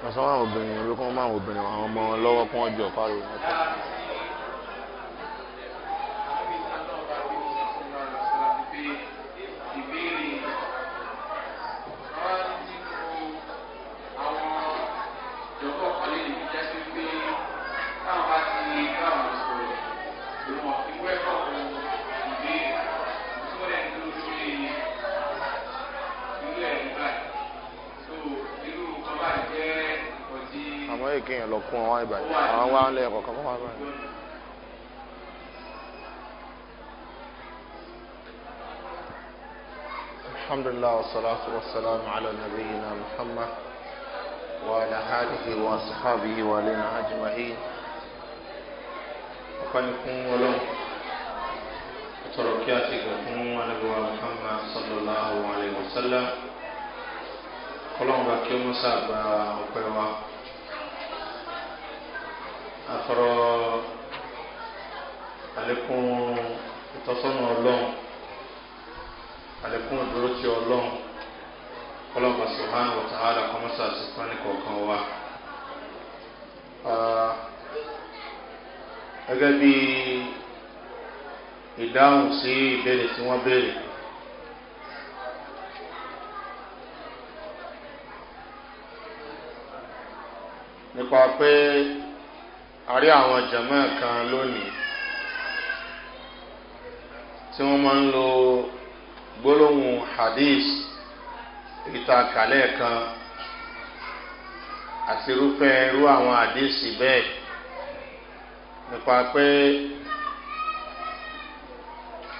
wọ́n sọ fún àwọn obìnrin wípé kí wọ́n máa obìnrin àwọn ọmọ wọn lọ́wọ́ jọ fáre wọn. الحمد لله والصلاة والسلام على نبينا محمد وعلى آله وأصحابه ولنا أجمعين وكان يكون ولو تركياتي يكون ونبوى محمد صلى الله عليه وسلم كلهم بكيوم مسابة وكيوم àtọ̀rọ̀ àlékún ìtọ́sọ́nà ọlọ́run àlékún ìdúró ti ọlọ́run kọlọ́mà subhanahu wa ta'ala kọ́mọ́sà wa. Ah, gẹ́gẹ́ bí ìdáhùn sí ìbéèrè tí wọ́n béèrè. nípa pé a àwọn jẹ̀mọ́ kan lónìí tí wọ́n máa ń lo gbólóhùn hadith ìtàkàlẹ̀ kan àti irúfẹ́ irú àwọn hadith bẹ́ẹ̀ nípa pé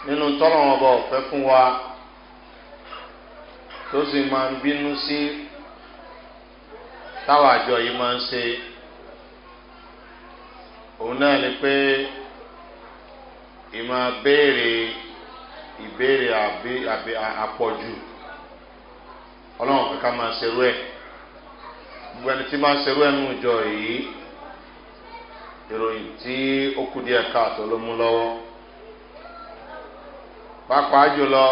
nínú tọ́lọ̀ ọba ọ̀fẹ́ fún wa tó sì máa ń bínú sí táwọn àjọ yìí máa ń ṣe. òun náà ni pé ìmọ̀ béèrè ìbéèrè àpọ̀jù ọlọ́run kankan máa ṣerú ẹ̀ gbogbo ẹni tí máa ṣerú ẹ̀ nù jọ yìí ìròyìn tí ó kù díẹ̀ káàtó ló mú lọ́wọ́ pàápàá jùlọ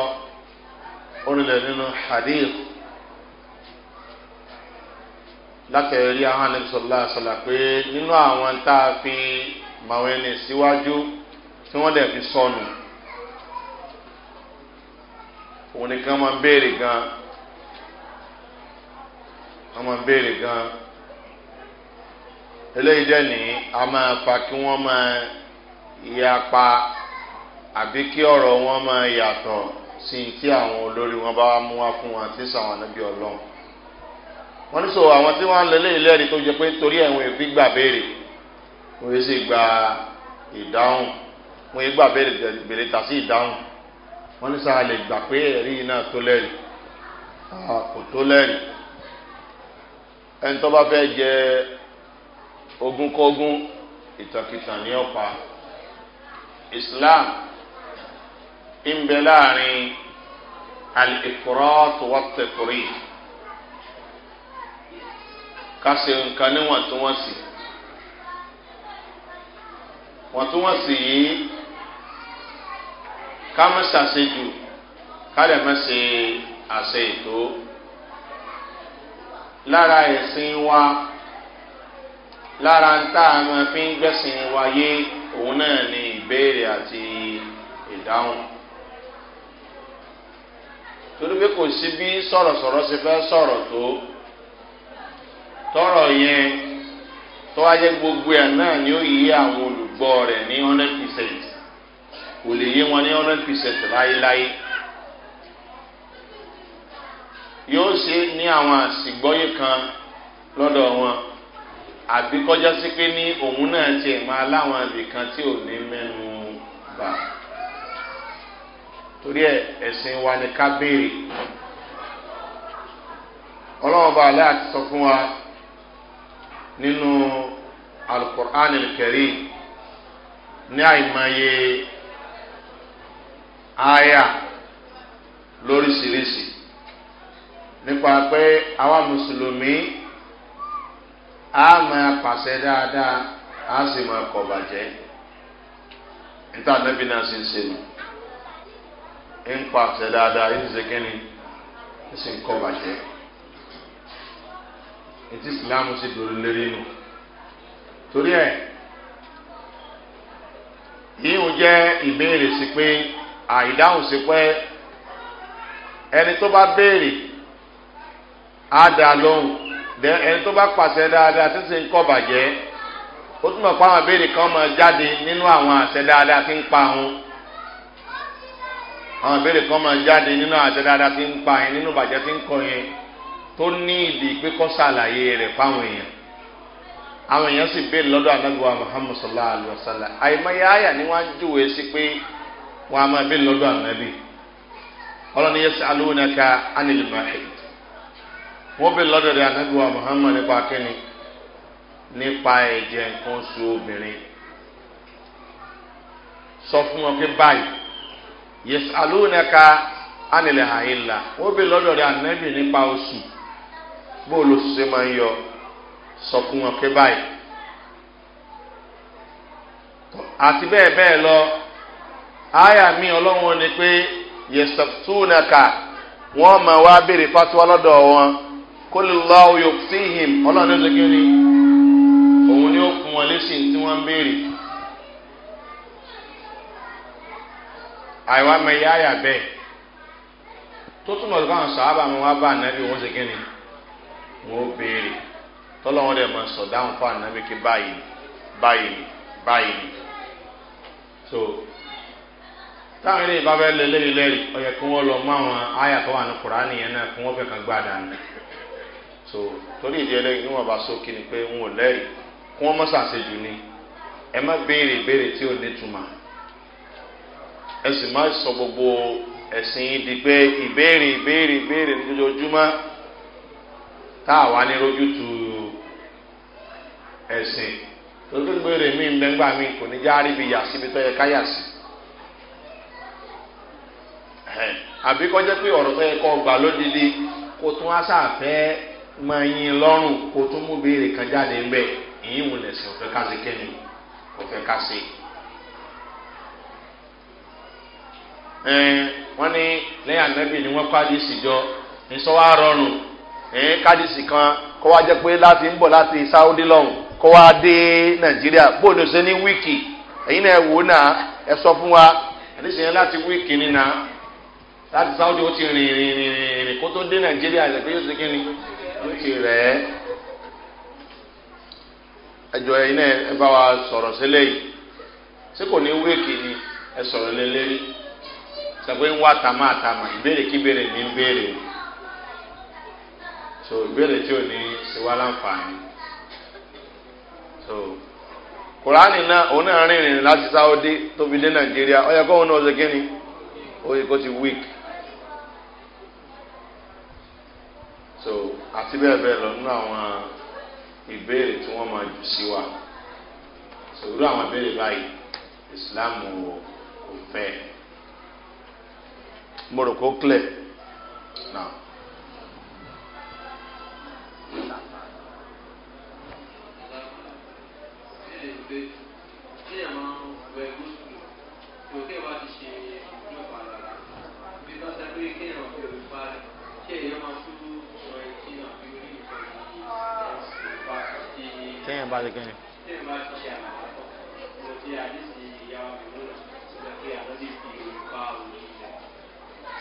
ó nínú hadith. látẹ̀rí àwọn anẹ́bísọ̀lá àṣàlà pé nínú àwọn tá a fi màwọn ẹni síwájú tí wọ́n dẹ̀ fi sọnù òun nìkan máa ń béèrè gan wọ́n máa ń béèrè gan eléyìí dẹ́ ní a máa fa kí wọ́n máa ya pa àbí kí ọ̀rọ̀ wọn máa yàtọ̀ sí ti àwọn olórí wọn bá mú wá fún wọn àti sàwọn ànábì ọlọ́run. wọ́n ní sọ àwọn tí wọ́n ń lélẹ́ ilé ẹ̀rí tó jẹ pé torí ẹ̀wọ̀n èfi gbà béèrè wọ́n sì gba ìdáhùn wọ́n yé gbà béèrè béèrè tà sí ìdáhùn wọ́n ní sọ àlè gbà pé ẹ̀rí náà tó lẹ́rì kò tó lẹ́rì ẹni tó bá fẹ́ jẹ ogúnkógún ìtàkìtà ní ọ̀pá islam ń bẹ láàrin al tó wà tẹ̀kùrì ká ṣe nǹkan níwọ̀ntúnwọ̀nsì wọ̀ntúnwọ̀nsì yìí ká má ṣàṣejù ká lè má ṣe àṣe ètò lára ẹ̀sìn wa lára ń tá fi ń gbẹ̀sìn wáyé òun náà ni ìbéèrè àti ìdáhùn torí pé kò sí bí sọ̀rọ̀sọ̀rọ̀ ṣe fẹ́ sọ̀rọ̀ tó tọrọ yẹn tọ́wájẹ́ gbogbo ẹ̀ náà ni ó yí àwọn olùgbọ́ rẹ̀ ní hundred percent kò lè yé wọn ní hundred percent láéláé yóò ṣe ní àwọn àsìgbọ́yé kan lọ́dọ̀ wọn àbí kọjá sí pé ní òun náà tiẹ̀ máa láwọn ibìkan tí ò ní mẹ́nu bà torí ẹ ẹ̀sìn wa ni ká béèrè ọlọ́run bá aláàtì sọ fún wa nínú alukur'an kẹrí ní àìmọye aya lóríṣiríṣi nípa pé àwa mùsùlùmí a máa pàṣẹ dáadáa a sì máa kọ̀ bàjẹ́ níta nẹ́bí náà sì ń ṣe nù ń pàṣẹ dáadáa ń ṣe kínní ń sì ń kọ̀ bàjẹ́ ètí ìsìláàmù sì dòrò lérí nù torí ẹ yíyún jẹ ìbéèrè sí pé àìdáhùn sí pé ẹni tó bá béèrè á dá lóhùn ẹni tó bá pàṣẹ dáadáa títí ń kọ́ bàjẹ́ ó túnbọ̀ pa àwọn béèrè kan máa jáde nínú àwọn àṣẹ dáadáa tí ń pa àwọn àwọn béèrè kan máa jáde nínú àṣẹ dáadáa tí ń pa yẹn nínú bàjẹ́ tí ń kọ yẹn. tó ní ìdí pé kọ́ sàlàyé rẹ̀ fáwọn èèyàn àwọn èèyàn sì béèrè lọ́dọ̀ anágbèwà muhammed sallallahu alayhi wa sallam àìmọye àyà ni wọ́n á júwèé sí pé wọ́n á máa béèrè lọ́dọ̀ anábì ọlọ́ni yẹsẹ̀ alóhùnaka anilmahi wọ́n béèrè lọ́dọ̀ rẹ̀ anágbèwà muhammed nípa kínní nípa ẹ̀jẹ̀ nǹkan oṣù obìnrin sọ fún wọn pé báyìí yẹsẹ̀ alóhùnaka anilmahi la bó o lọ ṣe máa ń yọ sọ fún wọn pé báyìí àti bẹ́ẹ̀ bẹ́ẹ̀ lọ àyà mi ọlọ́wọ́n ni pé yẹsọ̀túnaka wọ́n máa wá béèrè fatuwa lọ́dọ̀ wọn kó lè lọ́ oyò sí him ọlọ́run ní oṣù kìíní òun ni ó fún wọn léṣe tí wọ́n ń béèrè. àìwá mẹ́yà àyà bẹ́ẹ̀ tó túmọ̀ lọ́kàn sàábà máa wá bá ànábì wọ́n ṣe kìíní. wọn ó béèrè tọ́lọ́wọ́n dẹ̀ máa sọ dáhùn fún ànábì báyìí báyìí báyìí so táwọn eléyìí bá bẹ́ẹ̀ lélẹ́yìí lẹ́rìí ọ̀yẹ̀ kí wọ́n lọ àwọn àyà tó wà ní kùránì yẹn náà kí wọ́n kàn so torí ìdí ẹlẹ́yìn níwọ̀n bá sókè ni pé lẹ́rìí kí wọ́n sàṣejù ni ẹ má sọ gbogbo ẹ̀sìn pé ìbéèrè ìbéèrè ìbéèrè táàwá ní lójútu ẹ̀sìn lójú gbére mi ń bẹ́ngbà mi kò ní já bi yà bi tó yẹ ká yà sí. àbí kọ́ jẹ́ pé ọ̀rọ̀ tó yẹ kọ́ gbà lódìdí kó tún aṣá mọ yín lọ́rùn kó tún mú béèrè kan jáde ńbẹ èyí wò lẹ̀sìn òfẹ́ ká kẹ́mi òfẹ́ ká sí. wọ́n ní ni jọ ẹ̀ẹ́n kádìsì kan kó wá jẹ́ pé láti ń bọ̀ láti saudi lọ́hùn kó wá dé nàìjíríà bóòdù ṣe ní wíìkì ẹ̀yin náà wò náà ẹ sọ fún wa kádìsì yẹn láti wíìkì ni láti saudi ó ti rìn rìn rìn rìn kó tó dé nàìjíríà pé yóò ṣe ó ti rẹ̀ ẹ́ ẹjọ ẹ̀yin náà ẹ bá wa sọ̀rọ̀ so ìbéèrè tí o ní ṣe wá láǹfààní so kùránì náà òun náà rìnrìn láti sáwọ́dé tó fi dé nàìjíríà ọyọ kóhun náà ṣe oye kó ti wíìk so àti bẹ́ẹ̀ bẹ́ẹ̀ lọ nínú àwọn ìbéèrè tí wọ́n máa jù wa so irú àwọn ìbéèrè báyìí ìsìláàmù kò fẹ́ mo rò clear now. téèyàn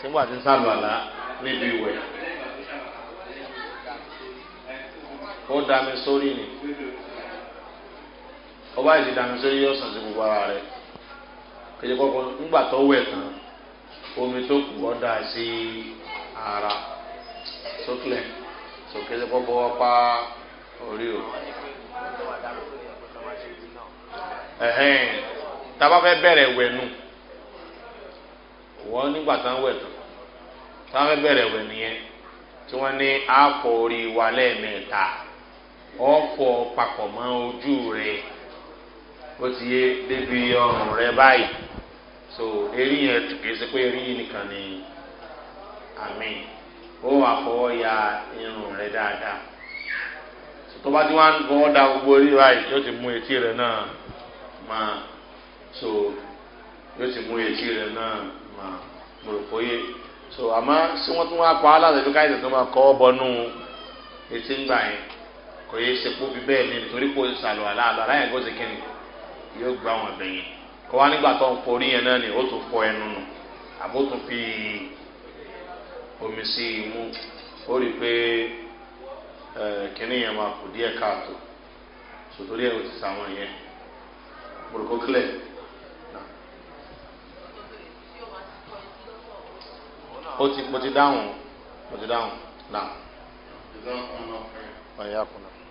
sígbà tí ń sàlùwàlá níbi ìwẹ̀. ó da mi sórí ni ọba yìí ti da mi sórí yóò sàn gbogbo ara rẹ kejì kọkọ ńgbà tó tán omi tó kù da sí ara sókèlè sókèlè kọkọ pa orí o. tába fẹ́ nígbà tán tán fẹ́ bẹ̀rẹ̀ wẹ̀ nìyẹn tí wọ́n ní orí wa ọ̀pọ̀ papọ̀ mọ́ ojú rẹ̀ ó ti yé débi ọrùn rẹ̀ báyìí so eré yẹn kìí ṣe pé eré yìí nìkan ni àmì ó wà fọwọ́ ya irun rẹ̀ dáadáa tó bá ti wá ń fọwọ́ da gbogbo orí báyìí yóò ti mú etí rẹ̀ náà máa so yóò ti mú etí rẹ̀ náà máa mòròkóyè so àmọ́ sí wọ́n tún wá pa á láti fi káyọ̀ tó máa kọ́ bọ́nú etí ń gbà yẹn kò yẹ sepo fi bẹ́ẹ̀ mi nítorí kò sàlù àlá àlọ́ àlá yẹn yóò gba àwọn ẹ̀bẹ̀ kò wá nígbà tó ń fọ yẹn náà ni ó tún fọ ẹnu nù àbó tún fi omi sí imú ó rí i pé kíní yẹn máa kù díẹ̀ káàtó sòtórí ẹ̀ ò ti sàwọn yẹn burúkú clear. ó ti mo ti dáhùn mo ti dáhùn náà. ọ̀yà kùnà.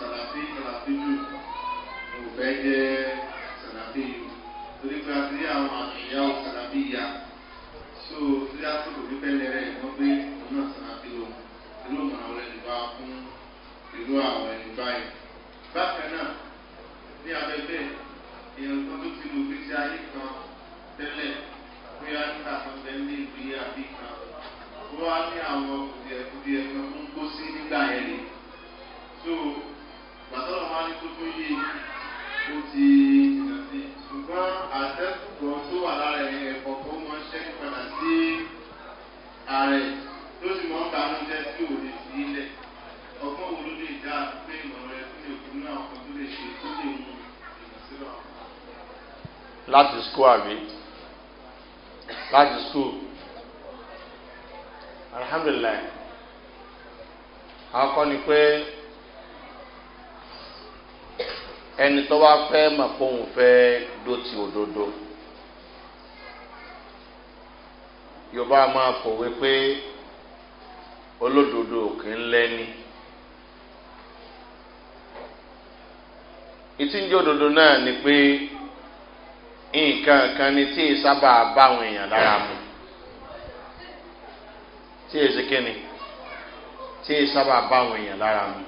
sàlàfí sàlàfí jù ò fẹ́ jẹ́ sàlàfí yìí torí pé a ti rí àwọn àṣìyá ò sàlàfí so tí a tó kò ní bẹ́ẹ̀ rẹ̀ wọ́n pé òun náà sàlàfí o irú ọ̀nà àwọn ẹni bá fún irú àwọn ẹni báyìí. bákan náà ní abẹ́bẹ́ èèyàn kan tó ti lu gbèsè ayé kan tẹ́lẹ̀ bóyá nígbà kan bẹ́ẹ̀ ní ìgbéyàwó kan wọ́n á ní àwọn square bi large school alhamdulilayi àkọ́kọ́ ni pé ẹni tó bá fẹ́ mọ̀ pé fẹ́ dó ti òdodo yorùbá máa kì í lẹ́ni. òdodo náà nǹkan kan ni tí ìsábà bá àwọn èèyàn lára mu tí èsì kíni tí ìsábà bá àwọn èèyàn lára mu.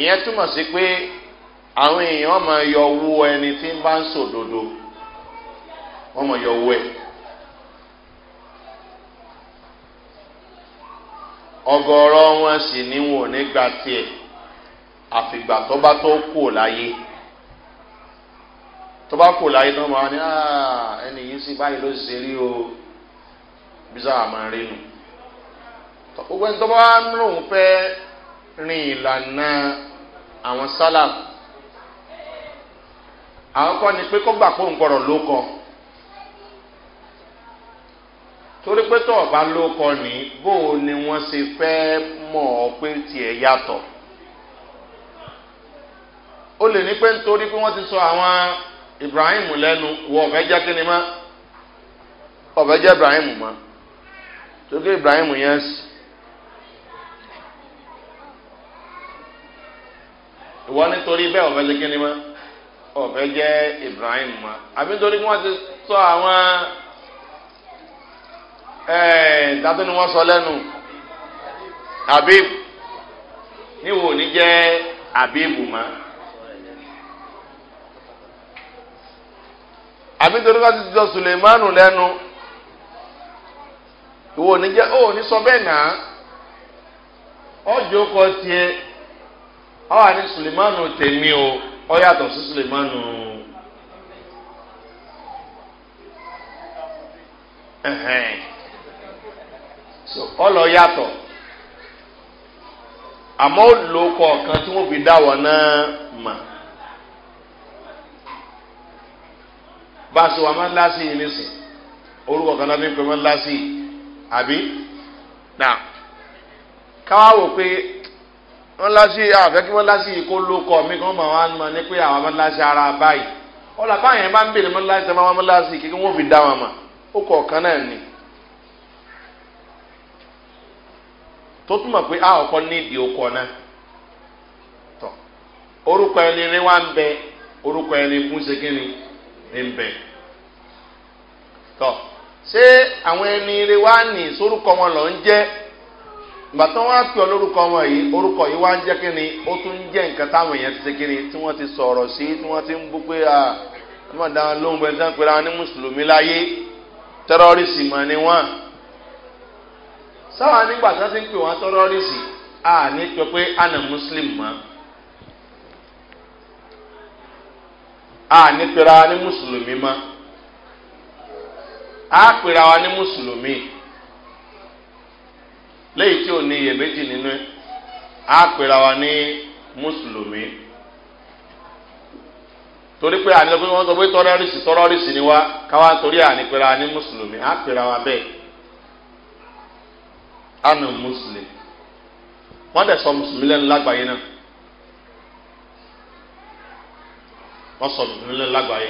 ìyẹn túmọ̀ sí pé àwọn èèyàn ọmọ yọ owó ẹni tí ń bá ń sòdodo dodo ọmọ yọ owó ẹ̀. ọgọrọ wọn sì níwò wọn tiẹ̀. àfìgbà tó bá tó kò láyé tó bá kò láyé tó máa ní ah, ẹni yìí sí báyìí ló ṣe rí o bísà àmọ́ rí nu gbogbo ẹni tó bá ń lòun fẹ́ rin ìlànà àwọn sálàm àwọn kan ni pé kó gbà pé òun gbọ́dọ̀ ló kọ́ torí pé tó ọba ló kọ ní bó ni wọ́n ṣe fẹ́ mọ̀ ọ́ pé tiẹ̀ yàtọ̀ ó lè ní pé nítorí pé wọ́n ti sọ àwọn ibrahim lẹ́nu wọ ọ̀fẹ́ jẹ́ kí ni mọ́ ọ̀fẹ́ jẹ́ ibrahim mọ́ tókè ibrahim yẹn sì. ìwọ nítorí bẹ́ẹ̀ ọ̀fẹ́ jẹ́ kí ni mọ́ ọ̀fẹ́ jẹ́ ibrahim mọ́ àbí nítorí pé wọ́n ti sọ àwọn dátó ni wọ́n sọ lẹ́nu habib níwò ní jẹ́ habib mọ́. àbí torí ká ti jọ suleimanu lẹ́nu ìwọ ní jẹ́ ó ní sọ bẹ́ẹ̀ náà ọjọ́ kọ tiẹ̀ ọ̀hà ní suleimanu tèmi o ọ yàtọ̀ sí suleimanu so ọlọ yàtọ̀ àmọ́ ó lò tí wọ́n fi dá wọn náà mà. baasi wa ma laasi ɲini sun olu ko kana min fɛ ma laasi abi na kawa wo pe ma laasi a fɛ k'i ma laasi yi ko lukɔ mi kɔn ma wa ma ne ko ya wa ma laasi ara ba yi o la ba yɛn ba n bere ma laasi sɛ ma wa ma laasi k'i fi da ma ma o kɔ kana yi ni to tuma pe a kɔ ne di o na tɔ orukɔ yi ni ne wa n bɛ orukɔ yi kun níbẹ̀ tọ́ ṣé àwọn ẹni rẹ wá ní sórúkọ wọn lọ ń jẹ́ ìgbà tí wọ́n á pè ọ́ lórúkọ wọn yìí orúkọ yìí wá ń jẹ́ kí ni ó tún ń jẹ́ nǹkan táwọn èèyàn ti ṣe kí ni tí wọ́n ti sọ̀rọ̀ sí tí wọ́n ti ń bú pé à wọ́n dáhùn lóhùn bẹ́ẹ̀ sẹ́ńpẹ́ ra ní mùsùlùmí láyé tẹ́rọ́rìsì mọ̀ ni wọ́n sáwọn nígbà tí wọ́n ti ń pè wọ́n tẹ́rọ́rìsì à ní pé àná mùsùlùmí mọ́ a ní pera wa ní ma a pera wa ní mùsùlùmí léyìí tí ò ní iyèméjì nínú a pera wa ní mùsùlùmí torí pé àní lọ́pẹ́ wọ́n sọ pé tọ́rọ́rìsì tọ́rọ́rìsì ni wá káwá torí àní pera wa ní mùsùlùmí a pera wa bẹ́ẹ̀ àná mùsùlùmí wọ́n sọ lágbàáyé náà. wọ́n sọ dùdú nílẹ̀ lágbàáyé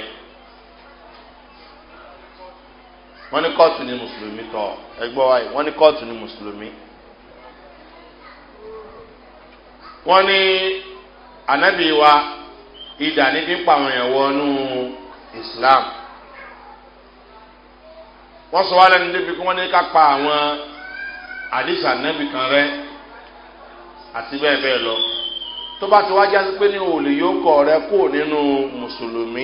wọ́n ní kóòtù ní mùsùlùmí tọ̀ ẹgbọ́ wa yìí wọ́n ní kóòtù ní mùsùlùmí wọ́n ní anabi wa ìdá níbi ń àwọn èèyàn wọnú islam wọ́n sọ wá lẹ́nu débi kí wọ́n ní ká pa àwọn àdìsá nẹ́bì kan rẹ́ àti bẹ́ẹ̀ bẹ́ẹ̀ lọ. tó bá ti wá jásí pé ní n'inu yóò kọ rẹ kó nínú mùsùlùmí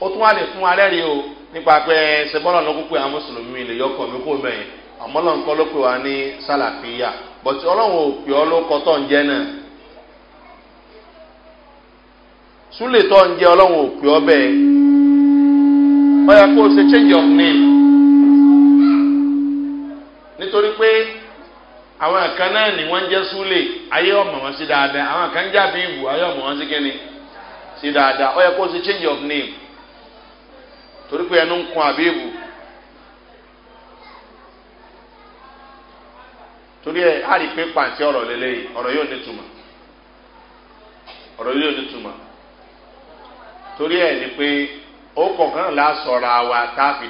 ó tún wá lè fún o nípa pé ṣẹbọ́lọ̀ ló kó pé àwọn mùsùlùmí lè yọ kọ̀ mí kó mẹ́yìn àmọ́ lọ́n kọ́ ló pè wá ní sálàfíà bọ̀tí ọlọ́run ò pè ọ́ ló kọ́ tọ̀ ń jẹ́ náà súlè change of name nítorí àwọn kan náà ni wọ́n jẹ́ súlè ayé ọmọ wọn sí dáadáa àwọn kan jẹ́ àbíbù ayé ọmọ wọn sí kíni sí dáadáa ó yẹ o ṣe change of name torí pé ẹnu ń kun àbíbù torí ẹ á rí i pé pàǹtí ọ̀rọ̀ lélẹ́yìí ọ̀rọ̀ yóò ní tuma ọ̀rọ̀ yóò ní tuma torí ẹ ni pé ó kọ̀ọ̀kan àwa tá a fi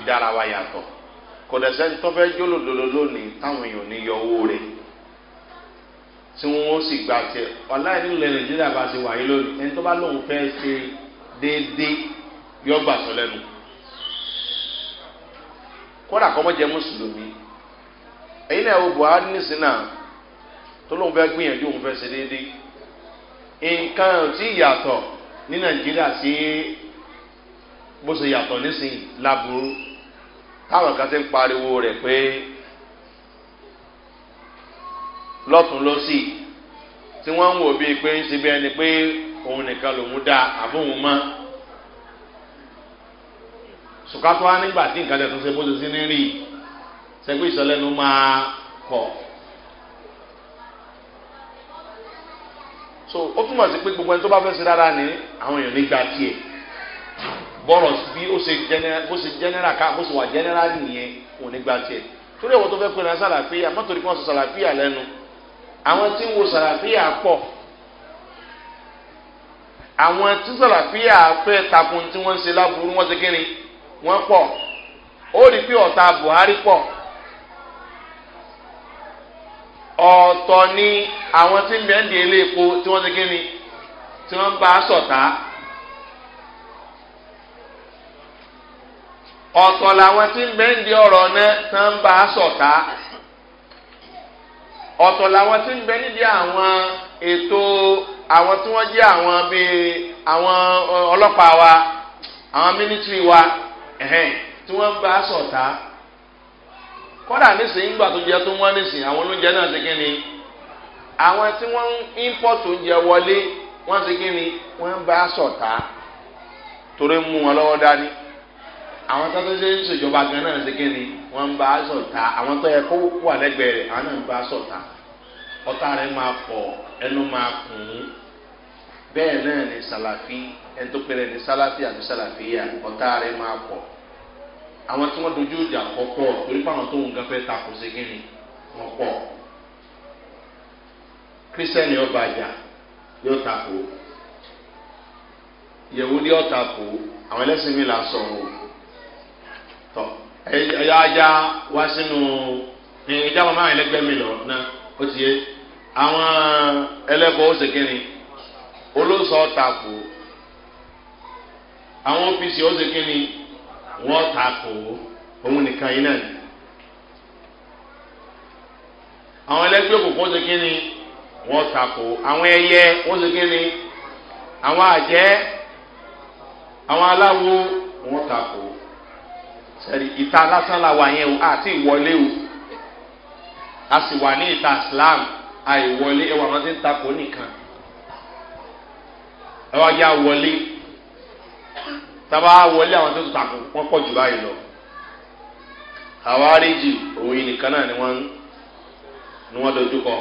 tí wọ́n sì gbà tẹ̀ ọ̀láìnílẹ̀ nàìjíríà bá ti wáyé lónìí ẹni tó bá lóun fẹ́ ṣe déédéé yọ gbà sọ lẹ́nu kódà kọ́ mọ́ jẹ́ mùsùlùmí ẹ̀yin náà wo buhari nísìn náà tó lóun fẹ́ gbìyànjú òun fẹ́ ṣe déédéé nǹkan tí yàtọ̀ ní nàìjíríà sí bó ṣe yàtọ̀ nísìnyí láburú táwọn kan ti ń pariwo rẹ̀ pé lọ́tún lọ́sì tí wọ́n ń wò bíi pé ń ṣe bí ẹni pé òun nìkan lòun dá àbóhun mọ́ sùkátọ́ á nígbà tí nǹkan tẹ̀tún ṣe bó ṣe sí ní rí sẹ́gbẹ́ ìsọlẹ́nu máa kọ̀. so ó túmọ̀ sí pé gbogbo ẹni tó bá fẹ́ ṣe dáadáa ní àwọn èèyàn nígbà tiẹ̀ bọ́rọ̀ bí ó ṣe general bó ṣe general ká bó ṣe wà general nìyẹn òun nígbà tiẹ̀ torí ẹ̀wọ̀n tó fẹ́ pé ní asàlàfíà mọ́tò ní kí wọ́n sọ sàlàfíà lẹ́nu àwọn tí ń wo sàràfíà pọ̀ àwọn tí sàràfíà fẹ́ takun tí wọ́n ń ṣe láburú wọ́n ṣe kíni wọ́n pọ̀ ó rí i pé ọ̀tá buhari pọ̀ ọ̀tọ̀ ni àwọn tí ń bẹ́ẹ̀ ń di eléèpo tí wọ́n ṣe kíni tí wọ́n bá a sọ̀tá. ọ̀tọ̀ làwọn tí ń bẹ́ẹ̀ ń di ọ̀rọ̀ náà tí wọ́n bá a sọ̀tá. ọ̀tọ̀ làwọn tí ń bẹ nídìí àwọn ètò àwọn tí wọ́n jẹ́ àwọn bíi àwọn ọlọ́pàá wa àwọn mílítírì wa tí wọ́n gba bá sọ̀tá kọ́dà nísìnyí gbà tó jẹ́ tó wọ́n nísìnyí àwọn olóúnjẹ náà ti kí ni àwọn tí wọ́n ń ímpọ̀tù oúnjẹ wọlé wọ́n ti kí ni wọ́n ń bá sọ̀tá torí mú wọn lọ́wọ́ dání àwọn tó tó ṣe ń ṣèjọba gan náà ti kí ni. wọ́n ń bá a sọ̀tà àwọn tó yẹ kó wà lẹ́gbẹ̀ẹ́ rẹ̀ àwọn náà ń bá a sọ̀tà ọ̀tá rẹ̀ máa pọ̀ ẹnu máa kùn ún bẹ́ẹ̀ náà ni sàlàfí ẹni tó pẹ̀lẹ́ ni sàlàfí àti sàlàfíyà ọ̀tá rẹ̀ máa pọ̀ àwọn tí wọ́n dojú ìjà kọ́kọ́ torí fáwọn tó ń gan fẹ́ takò sí kíni wọ́n pọ̀ kírísítẹ́nì ọba àjà yóò takò yẹ̀wò ní ọ̀takò àwọn ẹlẹ́sìn mi là sọ̀rọ̀ tọ̀. ẹyọ ajá wá sínú ìjà wọn máa mi lọ náà ó ti yé àwọn ẹlẹ́bọ̀ ó ṣèkínni olóòsọ tàkò àwọn ọ́fíìsì ó ṣèkínni nìkan yìí náà àwọn ẹlẹ́gbẹ́ òkùnkùn ó ṣèkínni wọ́n tàkò àwọn ẹyẹ ó ṣèkínni àwọn àjẹ́ àwọn aláwo sẹ́ni ìta lásán la wà yẹn o àti ìwọlé o a sì wà ní ìta islam àìwọlé ẹwà máa ti ń takò nìkan ẹ wá yá wọlé tábà wọlé àwọn tó ń takò wọ́n pọ̀ jù báyìí lọ àwọn òun yìí nìkan náà ni wọ́n ni wọ́n dojú kọ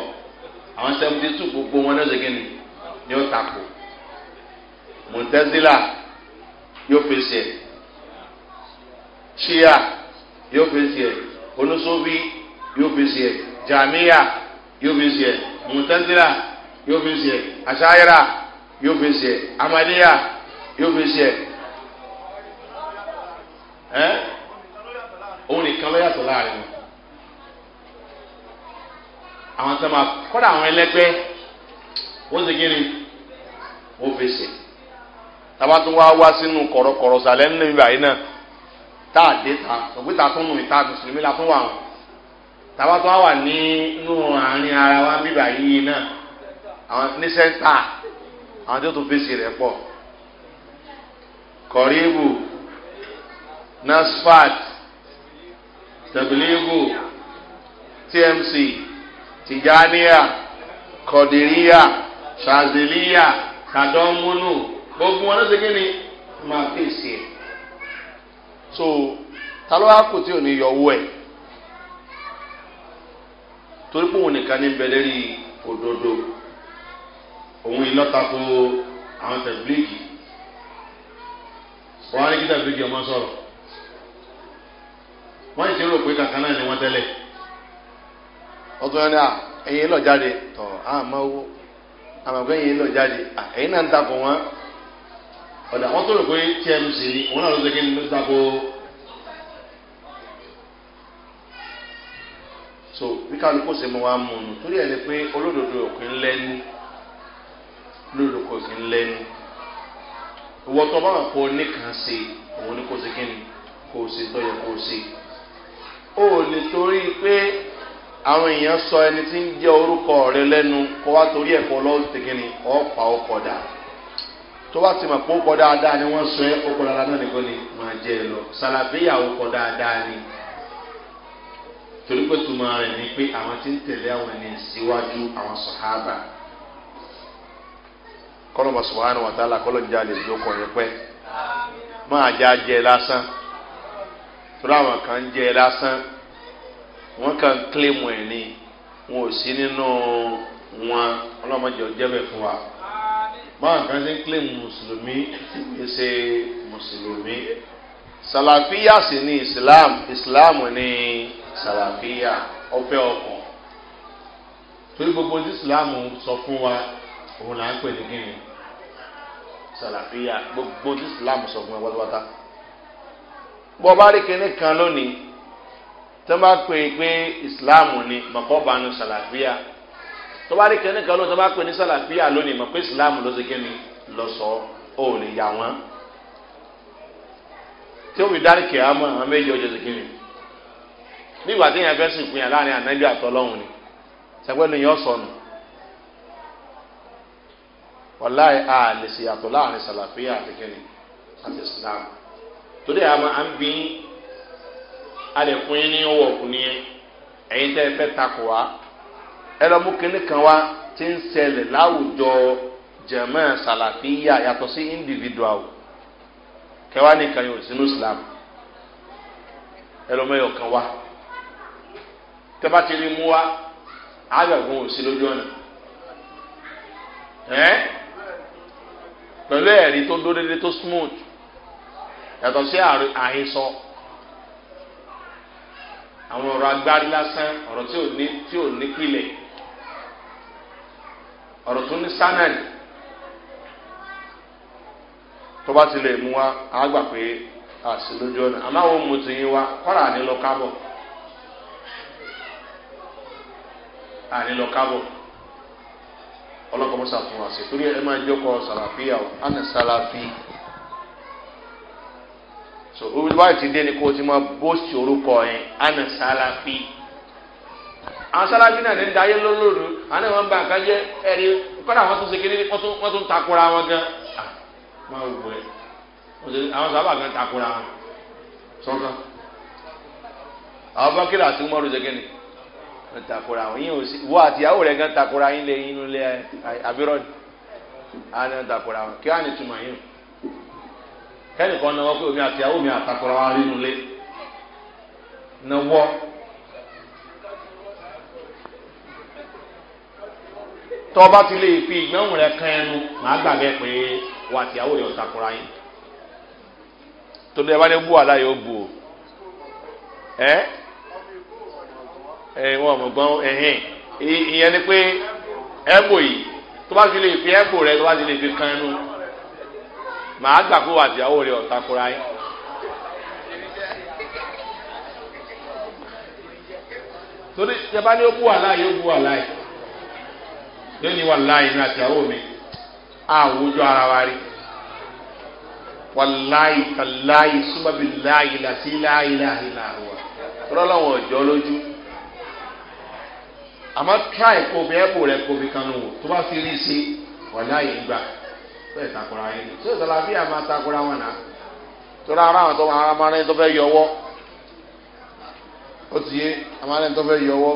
àwọn seventy two gbogbo wọn náà ṣègùn ni yóò takò mọ̀tẹ́sílà yóò fèsì ẹ̀. shia yóò fèsì ẹ̀ onusobi yóò fèsì ẹ̀ jamiya yóò fèsì ẹ̀ mutazila yóò fèsì ẹ̀ asayira yóò fèsì ẹ̀ amadiya yóò fèsì ẹ̀ ẹ́ òun nìkan ló yàtọ̀ láàrin wọn àwọn tó máa àwọn ẹlẹ́gbẹ́ ó sì kí ni ó wa tá a dé ta ògbé ta tún nù ìta mùsùlùmí la tún wà wọn tàbá tó wà ní inú àárín ara wa bíbà yìí náà àwọn ní sẹ́ńtà àwọn tó tún fèsì rẹ̀ pọ̀ kọ̀ríbù nasfat tabiligu tmc tijaniya kọdiriya shaziliya kadọmunu gbogbo wọn ló ṣe kí ni máa fèsì rẹ̀. so ta ló wá kù tí ò ní yọ owó ẹ torí pé òun nìkan ní bẹ lérí òdodo òun iná tako àwọn tẹ̀síbílíkì wọn á ní ọmọ sọ̀rọ̀ wọ́n ti rò pé kankan náà ni wọ́n tẹ́lẹ̀ ọkùnrin lọ jáde owó pé lọ jáde náà ń ọ̀dà wọ́n tó rò pé tmc òun náà ló ṣe kí ni ló dáko. so bí kálukú ṣe mọ wa mú un torí ẹni pé olódodo òkè ń lẹ́nu olódodo òkè ń lẹ́nu ìwọ tó bá wà kó nìkan ṣe òun ni kò ṣe kí ni kò ṣe tó yẹ kó ṣe. o lè torí pé àwọn èèyàn sọ ẹni tí ń jẹ́ orúkọ rẹ lẹ́nu kó wá torí ẹ̀kọ́ lọ́wọ́ ṣe kí ni ọ̀pá ọkọ̀ dà. tó wá ti mọ̀ pé ó kọ dáadáa ni wọ́n sọ ẹ́ ó kọ dáadáa náà nìkan ni máa ẹ lọ sàlàbíyà ó kọ dáadáa ni torí pé tuma rẹ̀ ni pé àwọn ti ń tẹ̀lé àwọn ẹni síwájú àwọn sọ̀hábà kọ́nà bá sọ̀hábà wà tá a la kọ́lọ̀ ń jẹ́ àlè je yẹn pẹ́ máa jẹ́ ajẹ́ lásán torí àwọn kan ń jẹ́ lásán wọ́n ẹ̀ ni wọn ò sí nínú wọn ọlọ́mọdé ọjọ́ bẹ̀ báwọn kan ṣe ń claim mùsùlùmí kì í ṣe mùsùlùmí sàlàfíà sì ni islam islam ni sàlàfíà ọfẹ ọkàn torí gbogbo tí islam sọ fún wa òun là ń pè ní kíni sàlàfíà gbogbo tí islam sọ fún wa pátápátá bọ́ bá rí kinní kan lónìí tó bá pè é pé islam ni mọ̀kọ́ bá nu sàlàfíà. tọ́ba rí kẹ́ni kan ló tọ́ba pè ní sàlàfíà lónìí mọ̀ pé ìsìláàmù ló ṣe kẹ́ni lọ sọ ọ́ ò lè yà wọ́n tí ó fi dárí kẹ́ ọmọ àwọn méjì ọjọ́ ṣe kẹ́ni nígbà tí èèyàn fẹ́ sìn fún ni yẹn sọnù a lè ṣe yàtọ̀ láàrin sàlàfíà àti kẹ́ni àti torí à ń bí alẹ́ fún yín ní ọwọ́ ọ̀kùnrin ẹlọmú kínní kan wá ti ń ṣẹlẹ̀ láwùjọ jẹ̀mọ́ sàlàfíà yàtọ̀ sí individual kẹwàá nìkan yóò sínú islam ẹlọmọ yóò kan wá tẹ́fà ti rí mú wá àgbàgbọ́n ò sí lójú ọ̀nà ẹ́ pẹ̀lú ẹ̀rí tó dódédé tó smooth yàtọ̀ sí àhesọ àwọn ọ̀rọ̀ agbárí lásán ọ̀rọ̀ tí ò ní tí Ọrụ tụrụ ní sámẹ́lì tó bá ti lè mú wa á gbà pé àṣì lójú ọ̀nà àmọ́ àwọn ti yín wa kọ́ra ànílọ kábọ̀ ànílọ kábọ̀ fún wa sí so orí báyìí ti dé ni o ti máa bó orúkọ yẹn àwọn sálábí náà ní ń dayé lólóòdù àwọn náà wọn bá nǹkan jẹ ẹni kọ́dà wọn tún ṣe kiri wọn tún takora wọn gan máa wù ẹ àwọn sábà gan takora wọn sọ́kàn àwọn bákìlà àti umaru ṣe ni wọn takora wọn yín ò sí wọ rẹ gan takora yín lé yín lé abirọ́dì àwọn náà takora wọn kí wọn ní túmọ̀ yín kẹ́nìkan náà wọ́n pé omi àtìyàwó àtakora wọn rí náà tọ́ bá ti lè fi ìgbẹ́hùn rẹ kan ẹnu màá gbà bẹ́ẹ̀ pé wà tíyàwó rẹ̀ ọ̀tàkùnra yín tó lè bá ní bú aláyọ̀ ó bù ó ẹ́ ẹ̀ wọ́n mọ̀ gbọ́n ẹ̀hìn ìyẹn ni pé ẹ̀bù yìí tó bá ti lè fi ẹ̀bù rẹ tó ti lè fi kan ẹnu màá gbà pé wà tíyàwó rẹ̀ ọ̀tàkùnra yín. torí ìjọba ni ó bú aláyọ̀ ó bú aláyọ̀ yóò ní wàláyé ní àtìyàwó mi àwùjọ ara wa rí wàláyé kàláyé súnmọ́bí láyé láti láyé láyé làwọ̀ rọ́lọ́wọ̀n ọ̀jọ́ lójú àmọ́ tíráì kò fi ẹ̀kọ́ rẹ̀ kò fi kan lò tó bá fi rí sí wàláyé gbà bẹ́ẹ̀ takora yín ni sọ́yìn sọ́la bí àmọ́ takora wọn náà tora ara àwọn tó máa ara máa rẹ́ tó fẹ́ yọwọ́ ó ti yé àmọ́ rẹ́ tó fẹ́ yọwọ́.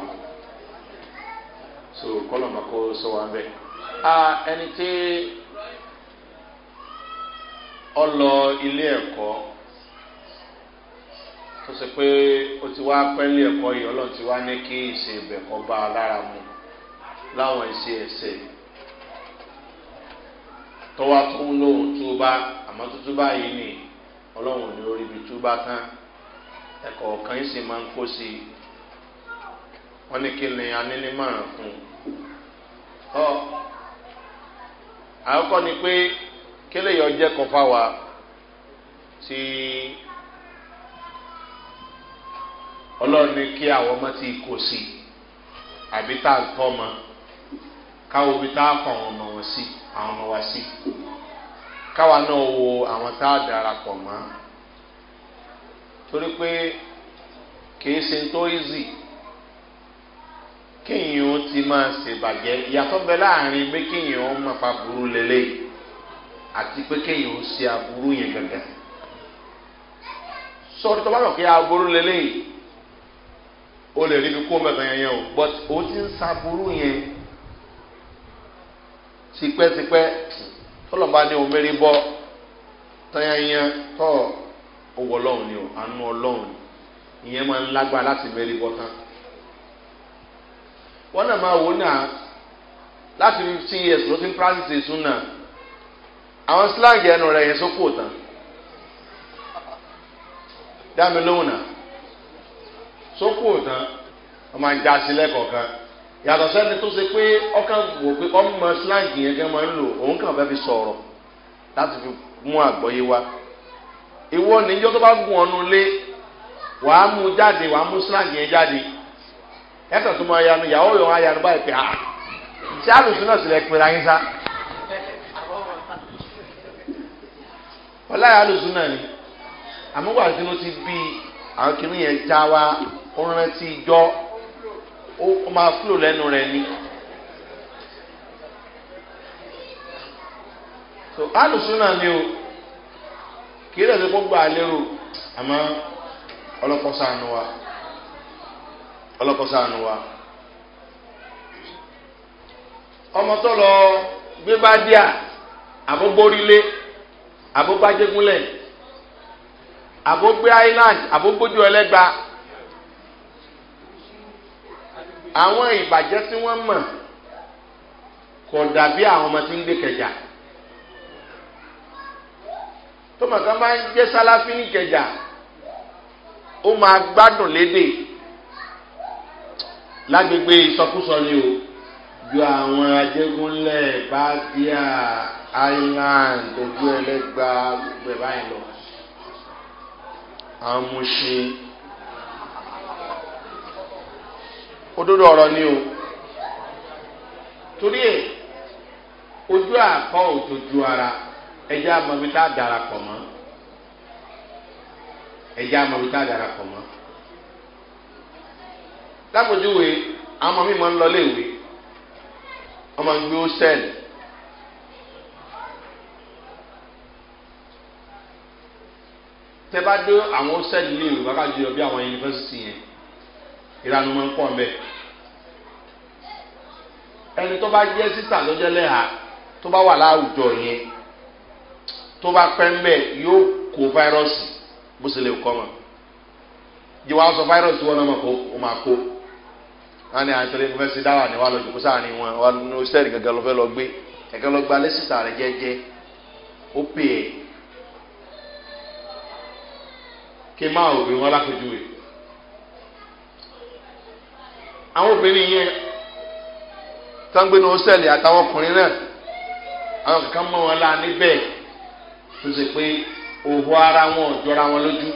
so kọlọmọ kó sọ wá bẹ ẹni tí ọ lọ ilé ẹ̀kọ́ tó ṣe pé ó ti wá pẹ́lú ẹ̀kọ́ yìí ọlọ́run ti wá ní kí ìṣe ìbẹ̀kọ́ bá a lára mu láwọn ìṣe ẹ̀sẹ̀ tọ́wá tó ń lóhùn túbá àmọ́ túbá yìí ni ọlọ́run ní orí ibi túbá tán ẹ̀kọ́ kan yìí sì máa ń kó sí i ní kí ni anínímọ̀ràn fún un tọ́ àkọ́kọ́ ni pé kélé yọ jẹ́ kan fáwa tí ọlọ́run ní kí àwọn ọmọ ti kò sí àbí tá à tọ́ ọmọ káwọn omi tá a fọ àwọn ọmọ wọn sí àwọn ọmọ wa sí káwa náà wo àwọn tá a darapọ̀ mọ́ torí pé kìí ṣe tó easy kéèyàn ó ti máa ṣèbàjẹ́ ìyàtọ̀ bẹ láàrin pé kéèyàn ó máa pa burú lélẹ̀ àti pé kéèyàn ó ṣe aburú yẹn gẹ̀gẹ̀. sọ́ọ́dún tó bá lọ kí aburú lélẹ̀ o lè rí ibi kó mẹ́ta yẹn yẹn o but o ti ń sa burú yẹn tipẹ́tipẹ́ tọ́lọ́mọba ní o mérí bọ́ tọ́yányán tọ́ owó ọlọ́run ni o àánú ọlọ́run ìyẹn máa ń lágbára láti mérí bọ́ tán. wọn náà máa wò náà láti fifteen years ló ti ń practice ìsún náà àwọn slang ẹnu rẹ yẹn sókò tán dámi lóhùn náà sókò tán sí lẹ́kọ̀ọ́ yàtọ̀ sẹ́ni tó ṣe pé ọkàn wò pé ọmọ slang yẹn kẹ́ máa ń lò òun kàn fẹ́ fi sọ̀rọ̀ láti fi mú wá ìwọ níjọ́ tó bá gùn ọ́nú lé wàá jáde wàá mú slang jáde. ẹ̀ka tó máa yanu yàwó yọ̀ ayanu báyìí pé ah ṣé àlùsùn náà sì lè pèrè ayé sá. ọláyà àlùsùn náà ni àmúgbà tí ló ti bí àwọn kìnìún yẹn já wa ó rántí jọ ó máa fúlò lẹ́nu rẹ̀ ni. so àlùsùn náà ni o kì í lè ṣe gbogbo àlérò àmọ́ ọlọ́kọ̀ sànù wa ọlọ́kọ́sánú wa ọmọ tó lọ gbé bá díà àbógbórílé àbógbájégúnlẹ̀ àbógbé island àbógbójú ẹlẹ́gba àwọn ìbàjẹ́ tí wọ́n mọ̀ kò dàbí àwọn ọmọ tí ń gbé kẹjà tó mọ̀ kán bá ń jẹ́ sáláfínì kẹjà ó máa gbádùn lédè lágbègbè ìsọkúsọ ni o ju àwọn ajégúnlẹ̀ bàbíà island ojú ẹlẹ́gba gbogbo ẹ̀ báyìí lọ. àwọn mùsùlùmí òdodo ọ̀rọ̀ ni o torí ẹ̀ ojú àkọ́ òjòjú ara ẹ̀jẹ̀ àmọ́ mi tá a darapọ̀ mọ́ ẹ̀jẹ̀ àmọ́ mi tá a darapọ̀ mọ́ lápòjúwe àwọn ọmọ mi máa ń lọ léèwé ọmọ ń gbé hostel tẹ bá dé àwọn hostel ní yorùbá ká jùlọ bí àwọn yunifásitì yẹn ìlànà máa ń pọ̀ ń bẹ̀ ẹni tó bá jẹ́ sísà lọ́jọ́ lẹ́hà tó bá wà láwùjọ yẹn tó bá pẹ́ ń yóò kó fáírọ́ọ̀sì bó ṣe lè kọ́ mọ́ jìwà sọ fáírọ́ọ̀sì wọn náà máa kó wọn ni àtúntò ìfẹ́ sí dáwà ni wà lọ jòkó sáàrin wọn wọn ní sẹ́ẹ̀dì gẹ́gẹ́ lọ fẹ́ lọ gbé ẹ̀kẹ́ lọ gba lẹ́sìsà rẹ jẹ́jẹ́ ó pè é kí má òbí wọn lápèjúwe àwọn obìnrin yẹn tán gbé ní sẹ́ẹ̀lì àtàwọn ọkùnrin náà àwọn kankan mọ wọn la níbẹ̀ tó ṣe pé òhun ara wọn ò jọra wọn lójú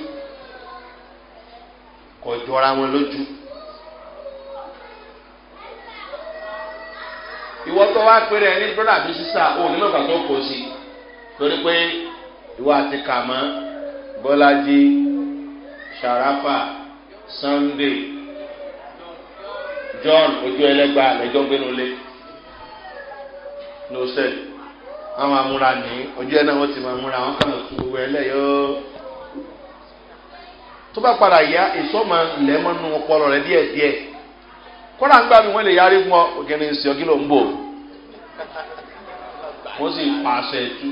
kò jọra wọn lójú. ìwọ tó wá péré ẹni brọ́dà bí sísá òun ní mọ̀gbà tó kó sí torí pé ìwọ àti kàmọ́ bọ́lájí sàràfà sunday john ojú ẹlẹ́gbà lẹ́jọ́ gbénu lé ní ọ̀sẹ̀ àwọn amúra ní ojú ẹ̀ náà wọ́n ti máa múra wọn kàn mọ̀ fún gbogbo ẹlẹ́yọ́ tó bá padà yá ìsọ́mọ lẹ́mọ́nú ọpọlọ rẹ díẹ̀díẹ̀ kọ́nà ń gbà mí wọ́n lè yarí fún ọ ògèdè ìsìn ọ̀gí ló ń bò wọ́n sì pa aṣọ ẹ̀tú.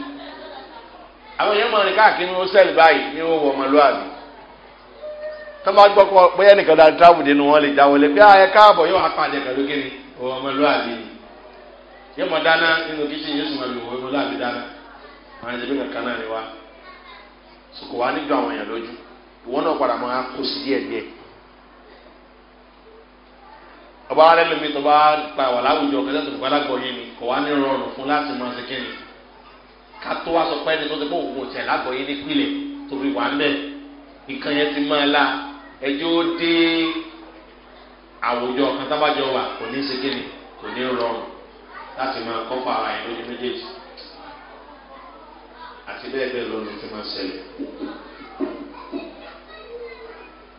àwọn èèyàn mọ̀rin káàkiri ní sẹ́ẹ̀lì báyìí ní owó ọmọlúwàbí tó bá gbọ́ pọ̀ bóyá nìkan dáa tábùdé ni wọ́n lè jáwọ́ lé pé ààyè ah, káàbọ̀ yóò apàdé pẹ̀lú ọmọlúwàbí ni yóò dáná nínú yóò sì ọmọlúwàbí dáná náà ni wá wá níjọ àwọn èèyàn lójú ìwọ náà padà máa kó sí ọba alẹ́ lómi tó bá pa wà láwùjọ kẹsẹ̀ tó gbọ́ alágbọ̀ yé mi kò wá ní rọrùn fún láti máa ṣe kéde ká tó wá sọ pé ẹni tó ti bó òògùn tẹ̀ lágbọ̀ yé nípìnlẹ̀ tó fi wà ń nǹkan yẹn ti máa la ẹjọ́ dé àwùjọ kan tábàjọ wà kò ní ṣe kéde kò ní rọrùn láti máa kọ́ fà ara yẹn lójú méjèèjì àti bẹ́ẹ̀ bẹ́ẹ̀ lọ́nà tó máa ṣẹlẹ̀.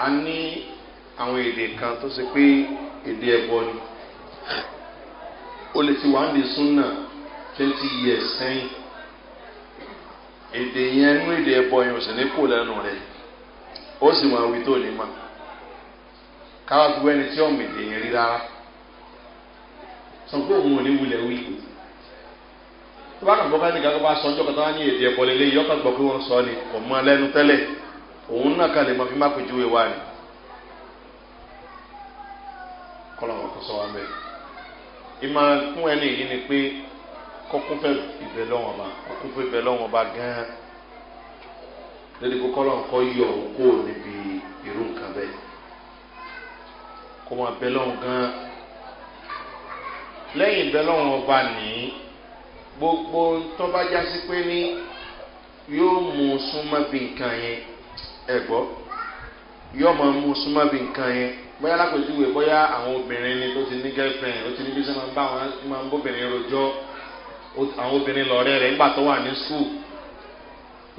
a ní àwọn èdè kan tó ṣe pé èdè ẹ̀bọ ni o lè ti wà ní súnà twenty years sẹ́yìn èdè yẹn nú èdè ẹ̀bọ yẹn ò sì ní kó lẹ́nu rẹ̀ ó sì wọn àwí tó ní ma káwá gbogbo ẹni tí ọ̀mọ̀ èdè yẹn rí rárá sọ òun ò ní wulẹ̀ wí tó bá kàn gbọ́ ká ní ká bá sọ ọjọ́ kan tó wá ní èdè ẹ̀bọ lélẹ́yìí ọkàn gbọ́ pé wọ́n sọ ni kò mú alẹ́nu tẹ́lẹ̀ òun náà kan lè mọ fi má pèjú ìwà rẹ̀ kọ́lọ́mọ kò sọ wá bẹ́ẹ̀. ìmọ̀ fún ẹni yìí ni pé kọ́kún fẹ́ ìbẹ̀ lọ́wọ́n ọba kọ́kún fẹ́ ìbẹ̀ lọ́wọ́n ọba gan-an lórí kó kọ́lọ́mọ kọ́ yọ òkú níbi irú nǹkan bẹ́ẹ̀ kó máa bẹ lọ́wọ́n gan-an lẹ́yìn ìbẹ̀ lọ́wọ́n ọba nìyí gbogbo tó bá pé ní yóò mú súnmọ́ bí nǹkan yẹn. Egbo yóò máa mú súnmọ́ bí nǹkan yẹn bóyá lápèjúwe bóyá àwọn obìnrin ni tó ti ní girlfriend ó ti ní bí ma bá wọn máa ń bóbìnrin rojọ́ àwọn obìnrin lọ́rẹ́ rẹ̀ nígbà tó wà ní skul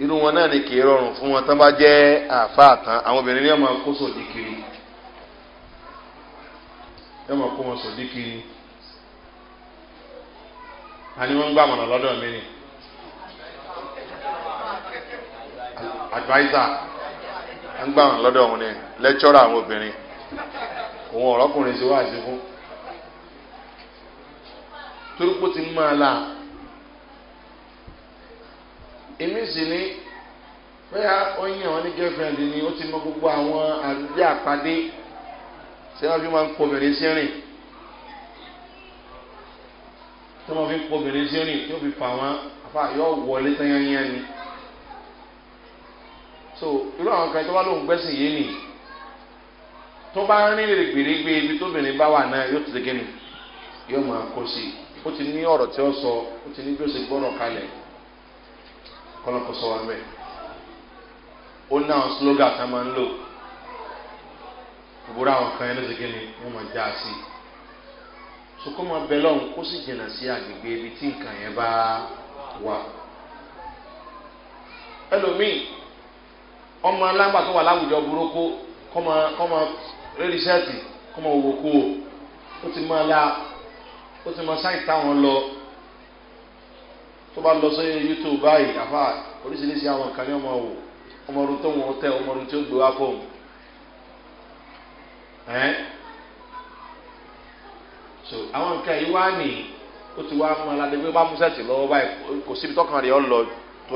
irú wọn náà ni kì í rọrùn fún wọn tán bá jẹ́ àáfàá tán àwọn obìnrin yóò máa kó sòdì kiri wọn sòdì kiri ń gbà wọn lọ́dọ̀ wọn ni lẹ́tọ́rọ̀ àwọn obìnrin òun ọ̀rọ̀kùnrin ti wá sí fún torípò ti máa la èmi sì ní bóyá ó yàn wọn ní girlfriend ni ó ti mọ gbogbo àwọn àdúgbò àpàdé tí wọ́n fi máa ń kọbìnrin sí rìn tí wọ́n fi ń kọbìnrin sí rìn tí ó fi fà wọ́n àfa yọ wọlé tán yányán ni so irú àwọn kan tó bá lóun gbẹ́sìn yé nìyí tó bá rìn gbèrègbè ibi tóbìnrin bá wà náà yóò ti dégé nù yóò máa kó sí i ó ti ní ọ̀rọ̀ tí ó sọ ó ti ní bí ó ṣe gbọ́rọ̀ kalẹ̀ kọ́lọ́kọ́ sọ wa mẹ́ ó ní àwọn slogan tá a máa ń lò òbúra àwọn kan ẹlẹ́sìn kí ni wọ́n máa já sí i sokó máa bẹ lọ́hùn kó sì jìnnà sí àgbègbè ibi tí nǹkan yẹn bá wà ẹlòmíì ọmọ alágbà tó wà láwùjọ burúkú kọ́mọ kọ́mọ rẹ́rìṣẹ́ẹ̀tì kọ́mọ òwò kú o ó ti mọ ala ó ti mọ sáì táwọn lọ tó bá lọ sí youtube báyìí àfa oríṣiríṣi àwọn nǹkan ní ọmọ wò ọmọ ọdún tó wọn tẹ ọmọ ọdún tí ó gbé wá fóun ẹ́n so àwọn nǹkan yìí wá nìyí ó ti wá mọ aládé pé bá mú sẹ́ẹ̀tì lọ́wọ́ báyìí kò síbi tọ́kàn rẹ̀ ọ́ lọ tó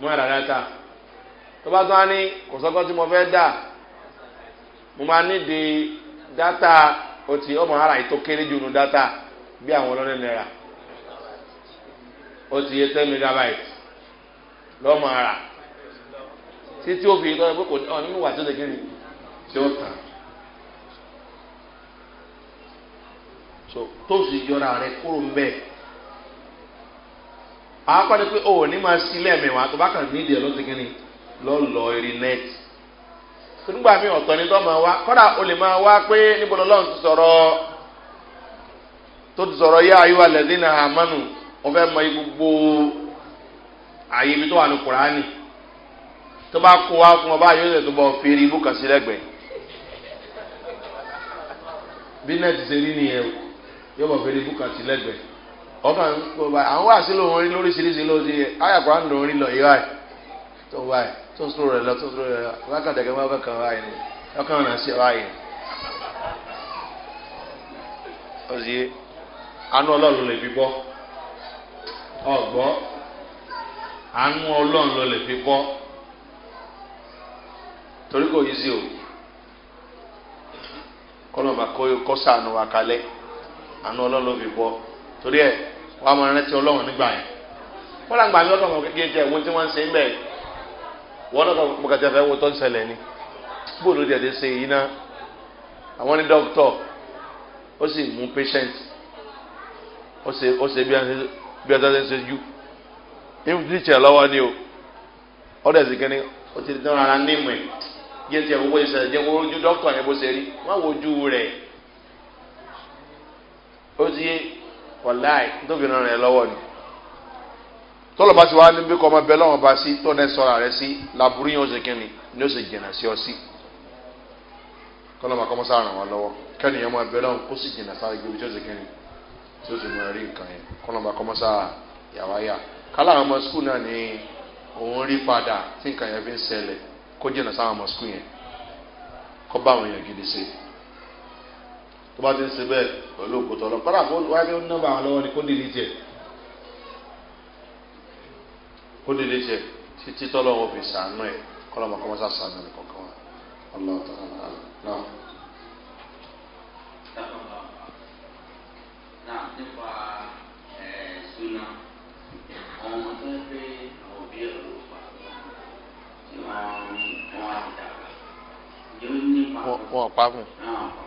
mú àràrà ta tó bá tún á ní kò tí mo fẹ́ dà mo máa data ọmọ ara yìí tó kéré jù nu dátà bí àwọn ọlọ́dẹ o yẹ ten megabyte lọ́mọ ara títí ó fi pé kò ọ nínú wà tó lè kiri tí ó tàn. so tó sì yọra rẹ kúrò ń pàápàá ni pé o oh, ní máa sí lẹ́ẹ̀mẹ̀wá tó bá kàn nídìí ẹ̀ lọ́sẹ̀ kínní lọ́lọ́ eré nẹ́ẹ̀tì nígbà mi ọ̀tọ̀ ni tó máa wá kọ́dà o lè máa wá pé níbo lọ́lọ́run ti sọ̀rọ̀ tó ti sọ̀rọ̀ yá ayé wa lẹ́dínà àmọ́nù wọ́n fẹ́ mọ gbogbo àyè ibi tó wà ní kùránì tó bá kó wá fún ọ yóò tó bọ̀ fèrè ibú lẹ́gbẹ̀ẹ́ bí ṣe rí ọkàn kò bá àwọn wà sí lòun rí lóríṣiríṣi lóṣì ayàkọ́ àndò orí lọ ìhà ẹ̀ tó wà tó ń lọ tó ń lọ wákàtí ẹ̀kẹ́ wọ́n kàn wá yìí ọkàn rẹ̀ sí wá yìí. òsì anú ọlọ́run lè fi bọ́ ọ̀gbọ́ anú ọlọ́run ló lè fi torí o kọ́nà kó sànù wa torí ẹ wàá mọ ẹrẹ tí ọlọ́run nígbà yẹn wọ́n là ń gbà mí ọ̀dọ̀ ọ̀hún kékeré jẹ́ ìwọ́n tí wọ́n ń se ń bẹ̀ wọ́n náà mo kàtí wo tó ń ṣẹlẹ̀ ni bó ló dẹ̀ dé yìí ná àwọn ní ó sì mú patient ó ó o ó ti dán ara ti yẹn bó ṣe rí wojú ó ti wàláì tóbìnrin rẹ lọ́wọ́ ni tọ́lọ̀ bá ti wá níbi kọ́ ọmọ bẹ́ẹ̀ lọ́wọ́ bá sí tó ní sọ́ra rẹ sí laburu yóò ṣe kíni ni ó ṣe jìnnà sí ọ sí kọ́lọ́ máa kọ́mọ́ sáà ràn wá lọ́wọ́ kẹ́ni ọmọ bẹ́ẹ̀ lọ́wọ́ kó sì jìnnà sáré gbé bí tí ó ṣe kíni tí ó ṣe mọ rí nǹkan yẹn kọ́lọ́ máa kọ́mọ́ sáà yàwá yà kálá àwọn ọmọ skul náà ni òun rí padà tí nǹkan yẹn fi ń ṣẹlẹ̀ kó jìnnà sáà ọmọ skul yẹn kọ́ bá àwọn èèyàn gidi ṣe tó bá ti ń ṣe bẹ́ẹ̀ pẹ̀lú òkúta ọlọ́run kọ́dà kó wáyé pé ó ní nọ́mbà àwọn lọ́wọ́ ni kó dìlì jẹ kó dìlì jẹ títí tọ́lọ́wọ́ fi sànú ẹ̀ kọ́lọ́mọ kọ́ mọ́sá sànú ẹ̀ kọ̀ọ̀kan wa eh, ọlọ́run tó ń pè àwọn òbí ọ̀rọ̀ fún un.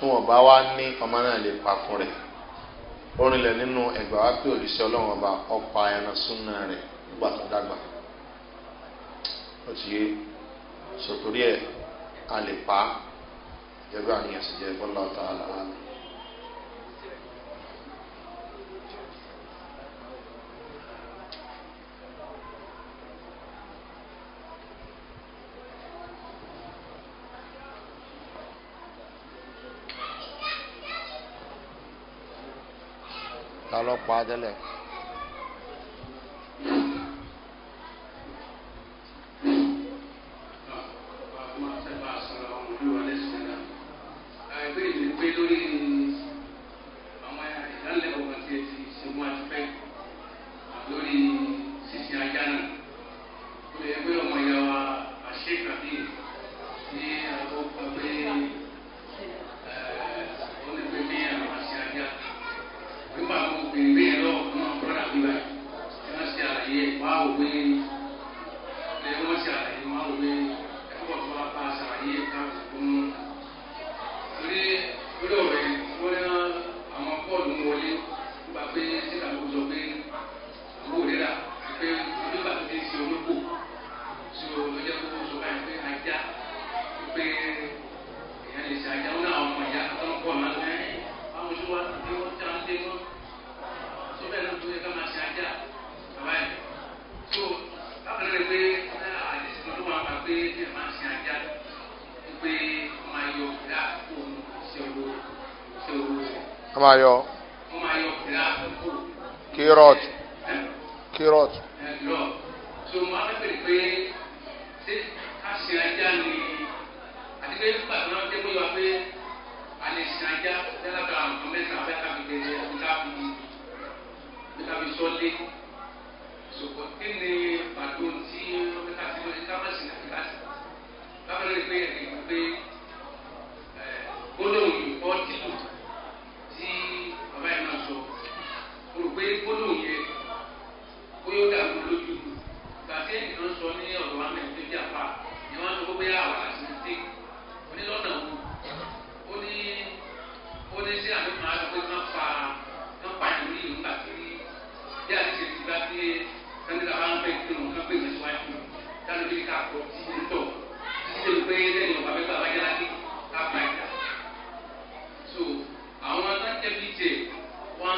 tí wọn bá wá ní ọmọ náà lè pakùn rẹ̀ orinlẹ̀ nínú ẹgbàá wá pé òjíṣẹ́ ọlọ́run ọba ọ̀pá ẹran súnmọ́ rẹ̀ nígbà tó dàgbà ó ti yé sòtórí ẹ̀ a lè pa á àníyàn sì jẹ́ bọ́lá ọ̀tá àlàáfíà. quadra elétrica.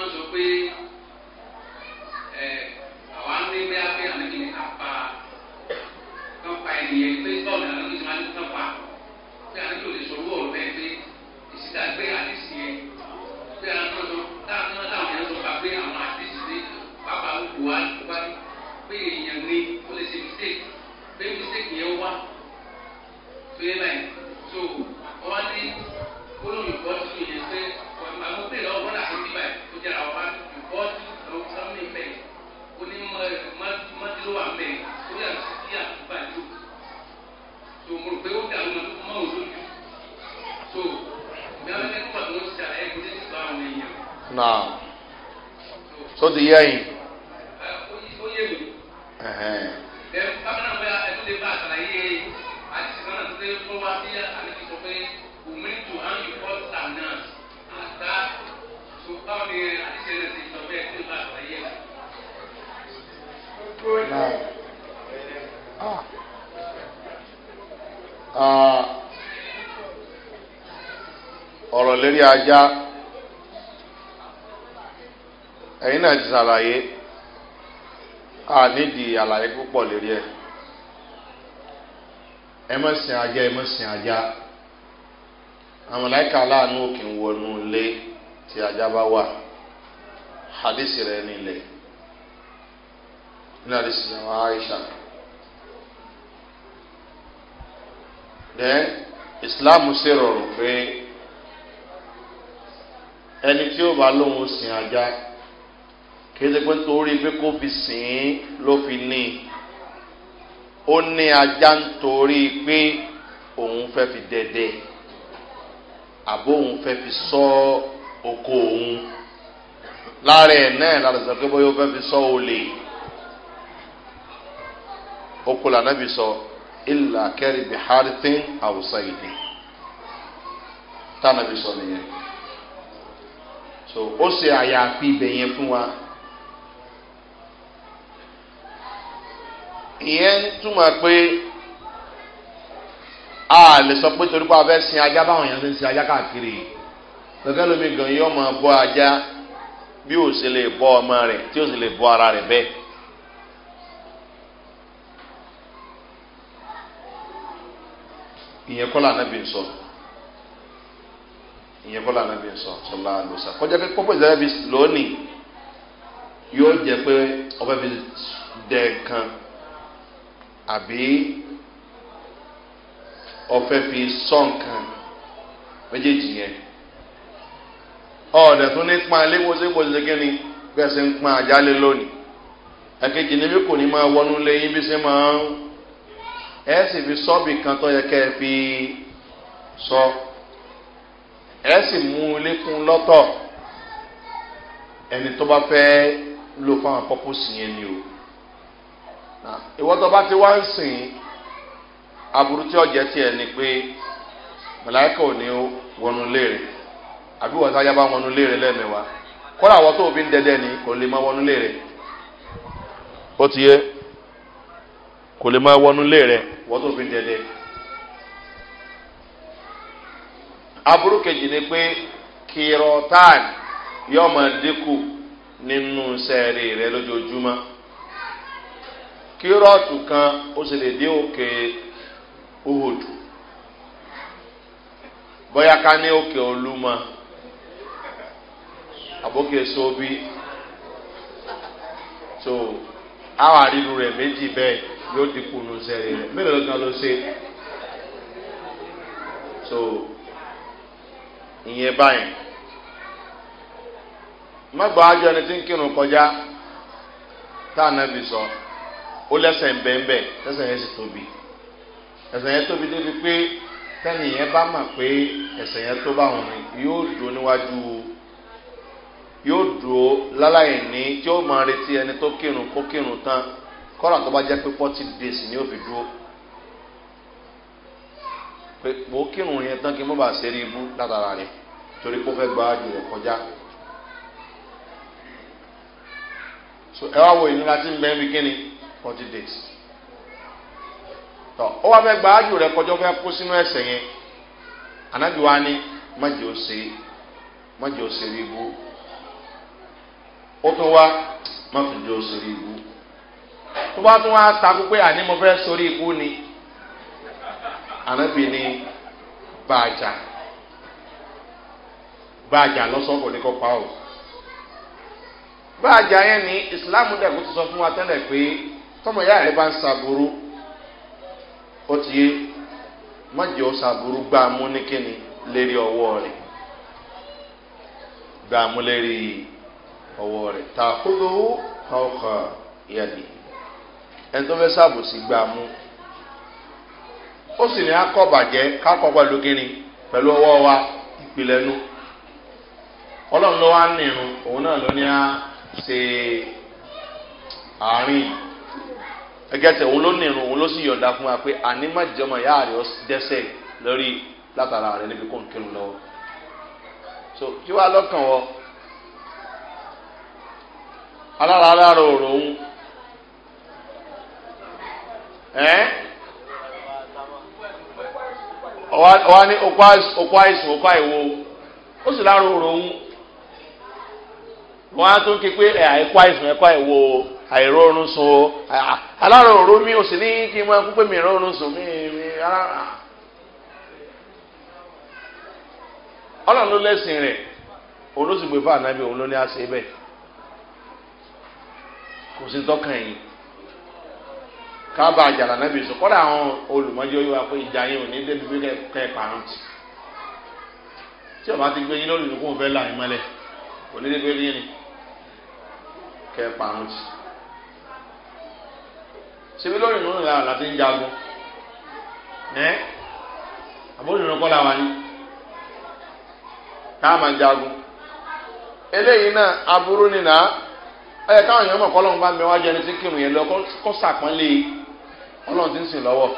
máa ń sọ pé. lórí ajá ẹ̀yin náà ti ṣàlàyé a nídìí àlàyé púpọ̀ lérí ẹ̀ ẹ mọ̀ sìn ajá ẹ mọ̀ sìn ajá àwọn láìka aláàánú òkè ń wọnú ilé tí ajá bá wà hadisi rẹ nílẹ̀ ní hadisi àwọn aisha then islam ṣe rọrùn pé ẹni tí ó bá lóun sìn ajá kéde pé torí pé kó fi sìn ín ló fi ní ó ní ajá nítorí pé òun fẹ́ fi dẹ́dẹ́ àbó òun fẹ́ fi sọ oko òun lára ẹ̀ náà lára sọ pé bóyá ó fẹ́ fi sọ olè oko làná fi sọ ìlà kẹrìndínláàrín àwùsá ìdè tánà fi sọ nìyẹn so ó ṣe àyàfi ibẹ̀ yẹn fún wa. ìyẹn túmọ̀ pé a lè sọ pé torí pé a fẹ́ sin ajá báwọn èèyàn ṣe ń sin ajá káàkiri gẹ́gẹ́ lómi gan yóò máa bọ́ ajá bí ó sì lè bọ́ ọmọ rẹ̀ tí ó sì lè bọ́ ara rẹ̀ bẹ́ẹ̀. ìyẹn kọ́ lànà bí n sọ̀rọ̀ ìyẹn kọ́ lànà bí n sọ sọlá lọ́sà kọjá pé pọ́pọ́ ìsẹ́lẹ̀ bí lónìí yóò jẹ́ pé ọbẹ̀ fi dẹ̀ kan àbí ọ̀fẹ́ fi sọ nǹkan méjèèjì yẹn ọ̀dẹ̀ tún ní pọn léwọ́sẹ́gbọ́sẹ́ kí ni gbẹ̀sẹ̀ ń pọn àjálẹ̀ lónìí ẹ̀kejì níbi kò ní máa wọnú lé bí sẹ́ máa ń ẹ̀ sì fi sọ́ọ̀bì kan tó yẹ kẹ́ ẹ fi sọ. So, ẹ sì mú un lékún lọ́tọ̀ ẹni tó bá fẹ́ lò fáwọn yẹn ni o ìwọ́n tó bá ti wá ń sìn aburú tí ọ̀jẹ̀ tiẹ̀ ni pé mọ̀láìkà ò ní wọnú léèrè àbí wọ́n bá wọnú léèrè lẹ́ẹ̀mẹ́wàá kọ́lá àwọn tó ni kò lè má wọnú léèrè ti yẹ kò lè má wọnú léèrè wọ́n tó ń aburú kejì ni pé kìrọ̀tàn yóò máa dínkù nínú sẹ́ẹ̀rì rẹ lójoojúmọ́ kan ó sì lè dé òkè uhud bóyá ká ní òkè olúmọ àbókè sóbí tó àwọn rẹ méjì bẹẹ yóò dínkù nù sẹ́ẹ̀rì rẹ mélòó kan So, ìyẹn báyìí mọ́gbà ájọ ẹni tí ń kírun kọjá tá a nàbì sọ ó lẹ́sẹ̀ ń bẹ́ yẹn sì tóbi yẹn tóbi débi pé tẹ́nì yẹn bá pé ẹ̀sẹ̀ yẹn tó bá wọn ni yóò dúró níwájú yóò dúró láláyè ní tí ó máa retí ẹni tó kírun kó kírun tán kọ́ra tó bá jẹ́ pé pé mo kírun yẹn tán kí mo bá ṣe rí ibú látara rẹ torí kó fẹ́ gba àjò rẹ kọjá so ẹ wá wo ìnira tí ń bẹ kíni forty days tọ ó wá fẹ́ gba àjò rẹ kọjá fẹ́ kó sínú ẹsẹ̀ yẹn anájú wa ni má ó ṣe má ó ṣe rí ibú ó tún wá má anabi ni bàjà bàjà lọ́sọ̀kò ní kọ́ pa ọ́ bàjà yẹn ni ìsìláàmù dẹ̀kú ti sọ fún wa tẹ́lẹ̀ pé tọmọ ìyá rẹ bá ń saburu ó ti yé mọ̀jẹ̀ ó sàbúrú gbá mú ní kíni lérí ọwọ́ rẹ̀ gbá mú lérí ọwọ́ rẹ̀ tàkúrò kọ̀ọ̀kan yẹn ni ẹni tó fẹ́ sàbòsí gbá mú. ó sì ní akọ́bàjẹ́ kákọ́ pẹ̀lú kínní pẹ̀lú ọwọ́ wa ìpìlẹ̀ nu ọlọ́run ló wá nírun òun náà ló ní á ṣe àárín ẹgẹsẹ̀ òun ló nírun òun ló sì yọ̀ǹda fún wa pé àní má ìyá rẹ̀ dẹ́sẹ̀ lórí látara rẹ̀ níbi kò ń kírun lọ́wọ́ so kí wàá lọ́kàn Ọwa ní ọkwá àìsàn ọkwá ìwò ó sì láàrú òròhún wọn á tún kí pé ẹ̀kọ́ àìsàn ẹ̀kọ́ ìwò àìrọ̀rùn sùn o alárò òru mi ò sì ní kí n máa kú mi ìrọ̀rùn sùn mi ọlọ́run ló lẹ́sìn rẹ̀ òun ló sì gbé ka àjàlá náà bìí sùn kọ́dà àwọn olùmọ́jú yóò wá pé ìjà yẹn ò ní débi pé kẹ́ ẹ̀ ti gbé yín lórí ofe fẹ́ là mọ́lẹ̀ kò ní débi rí ni kẹ́ síbi lórí ń jagun ẹ́ ni ká máa jagun eléyìí náà aburú nìlá ẹ̀ káwọn èèyàn mọ̀ kọ́ lọ́nba mi wájú ẹni tí kírun yẹn lọ kó ọlọ́run ti ń sìn lọ́wọ́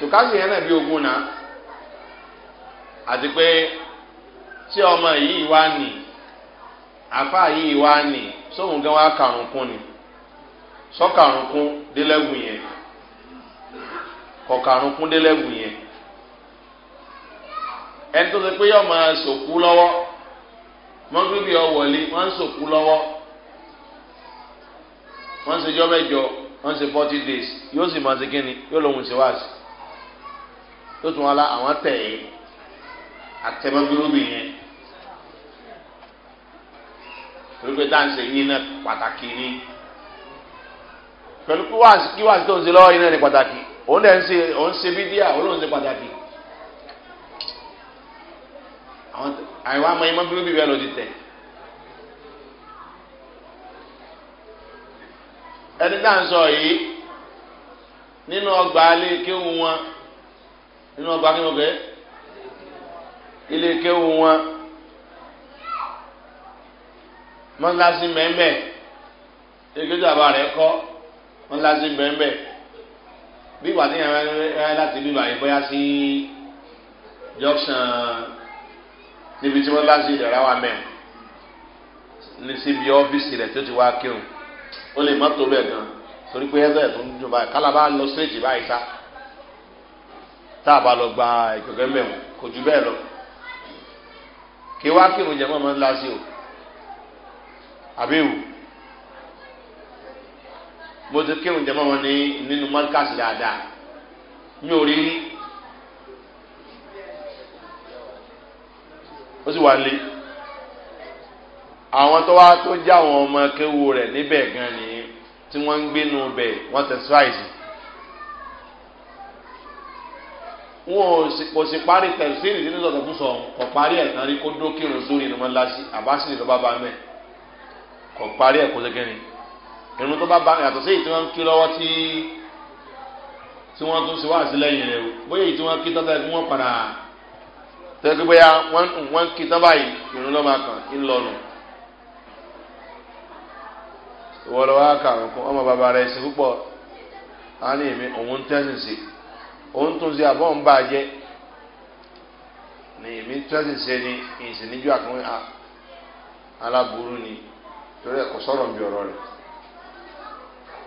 sùkásì yẹn náà bí ogun náà àti pé tí ọmọ yìí wá nì àfa yìí wá nì sóhun gan wá ni sọ kún délẹ́gùn yẹn kọ̀kàrún kún délẹ́gùn yẹn ẹni tó pé yọ sòkú lọ́wọ́ mọ́gbẹ́bí ọ wọlé wọ́n ń sòkú lọ́wọ́ wọ́n ń mẹ́jọ. wọ́n ṣe forty days yóò sì máa ṣe kí ni yóò lòun ṣe wáàsì yóò tún wá la àwọn tẹ̀ ẹ́ àtẹ̀mẹ́gbẹ́rúbì yẹn torí pé dáǹsì yín náà pàtàkì ni pẹ̀lú kí wáàsì tó ń ṣe lọ́wọ́ yín náà ni pàtàkì òun dẹ̀ ń ṣe òun ṣe bídíà òun lòun ṣe pàtàkì àwọn àìwá mọ ẹmọ bíbí bẹ́ẹ̀ ti tẹ̀. ẹni tá à ń sọ yìí nínú ọgbà ilé kéwù wọn nínú ọgbà kéwù wọn ilé kéwù wọn mọ́tàlásí mẹ́mẹ́ èkéjì àbá rẹ̀ kọ́ mọ́tàlásí mẹ́mẹ́ bí ìwà tíyẹn rẹ láti bíbà yìí bóyá sí junction níbi tí mọ́tàlásí ìdọ̀rá wa mẹ́ ní síbi ọ́fíìsì rẹ̀ tó ti wá kéwù ó lè má tó bẹ́ẹ̀ gan torí pé ẹsẹ̀ tó ń dùn báyìí kálábà lọ síréètì báyìí sá tá a bá lọ gba ìgbẹ́gbẹ́ mẹ́wọ̀n kò jù bẹ́ẹ̀ lọ kí wá kírun jẹ mọ́mọ́ ńlá sí o àbẹ́wò mo ti kírun jẹ mọ́mọ́ ní nínú mọ́kàsì dáadáa mi ò rí rí ó sì wà lé àwọn tó wá tó jẹ́ àwọn ọmọ kéwu rẹ̀ níbẹ̀ gan ni tí wọ́n ń gbénu bẹ̀ wọ́n tẹ̀síwáìsì. wọn kò sì parí tẹ̀síìrì nínú sọ̀tọ̀ fún sọ kò parí ẹ̀ tán rí kó dókìrún sórí ìlú mọ́láṣí àbáṣìlì lọ́ba bá mẹ́ kò parí ẹ̀ kó ṣe kẹ́ni irun tó bá bá mi àtọ̀ èyí tí wọ́n ń kí lọ́wọ́ tí tí wọ́n tún ṣe wá àtìlẹ́yìn rẹ̀ bóyá èyí tí wọ́n kí tọ́tà ẹ̀kú wọn padà tẹ́gbẹ́ bóyá wọ́n kí tán báyìí irun lọ́ máa kàn ń ìwọ lọ wá kà wọn kún ọmọ bàbá rẹ ṣe púpọ̀ á ní èmi òun tẹ́sìn sí òun tún sí àbọ̀ ń bà jẹ́ ní èmi tẹ́sìn sí ẹni ìsìnníjú àkùnrin aláburú ni torí ẹ̀kọ́ sọ̀rọ̀ ń bí ọ̀rọ̀ rẹ̀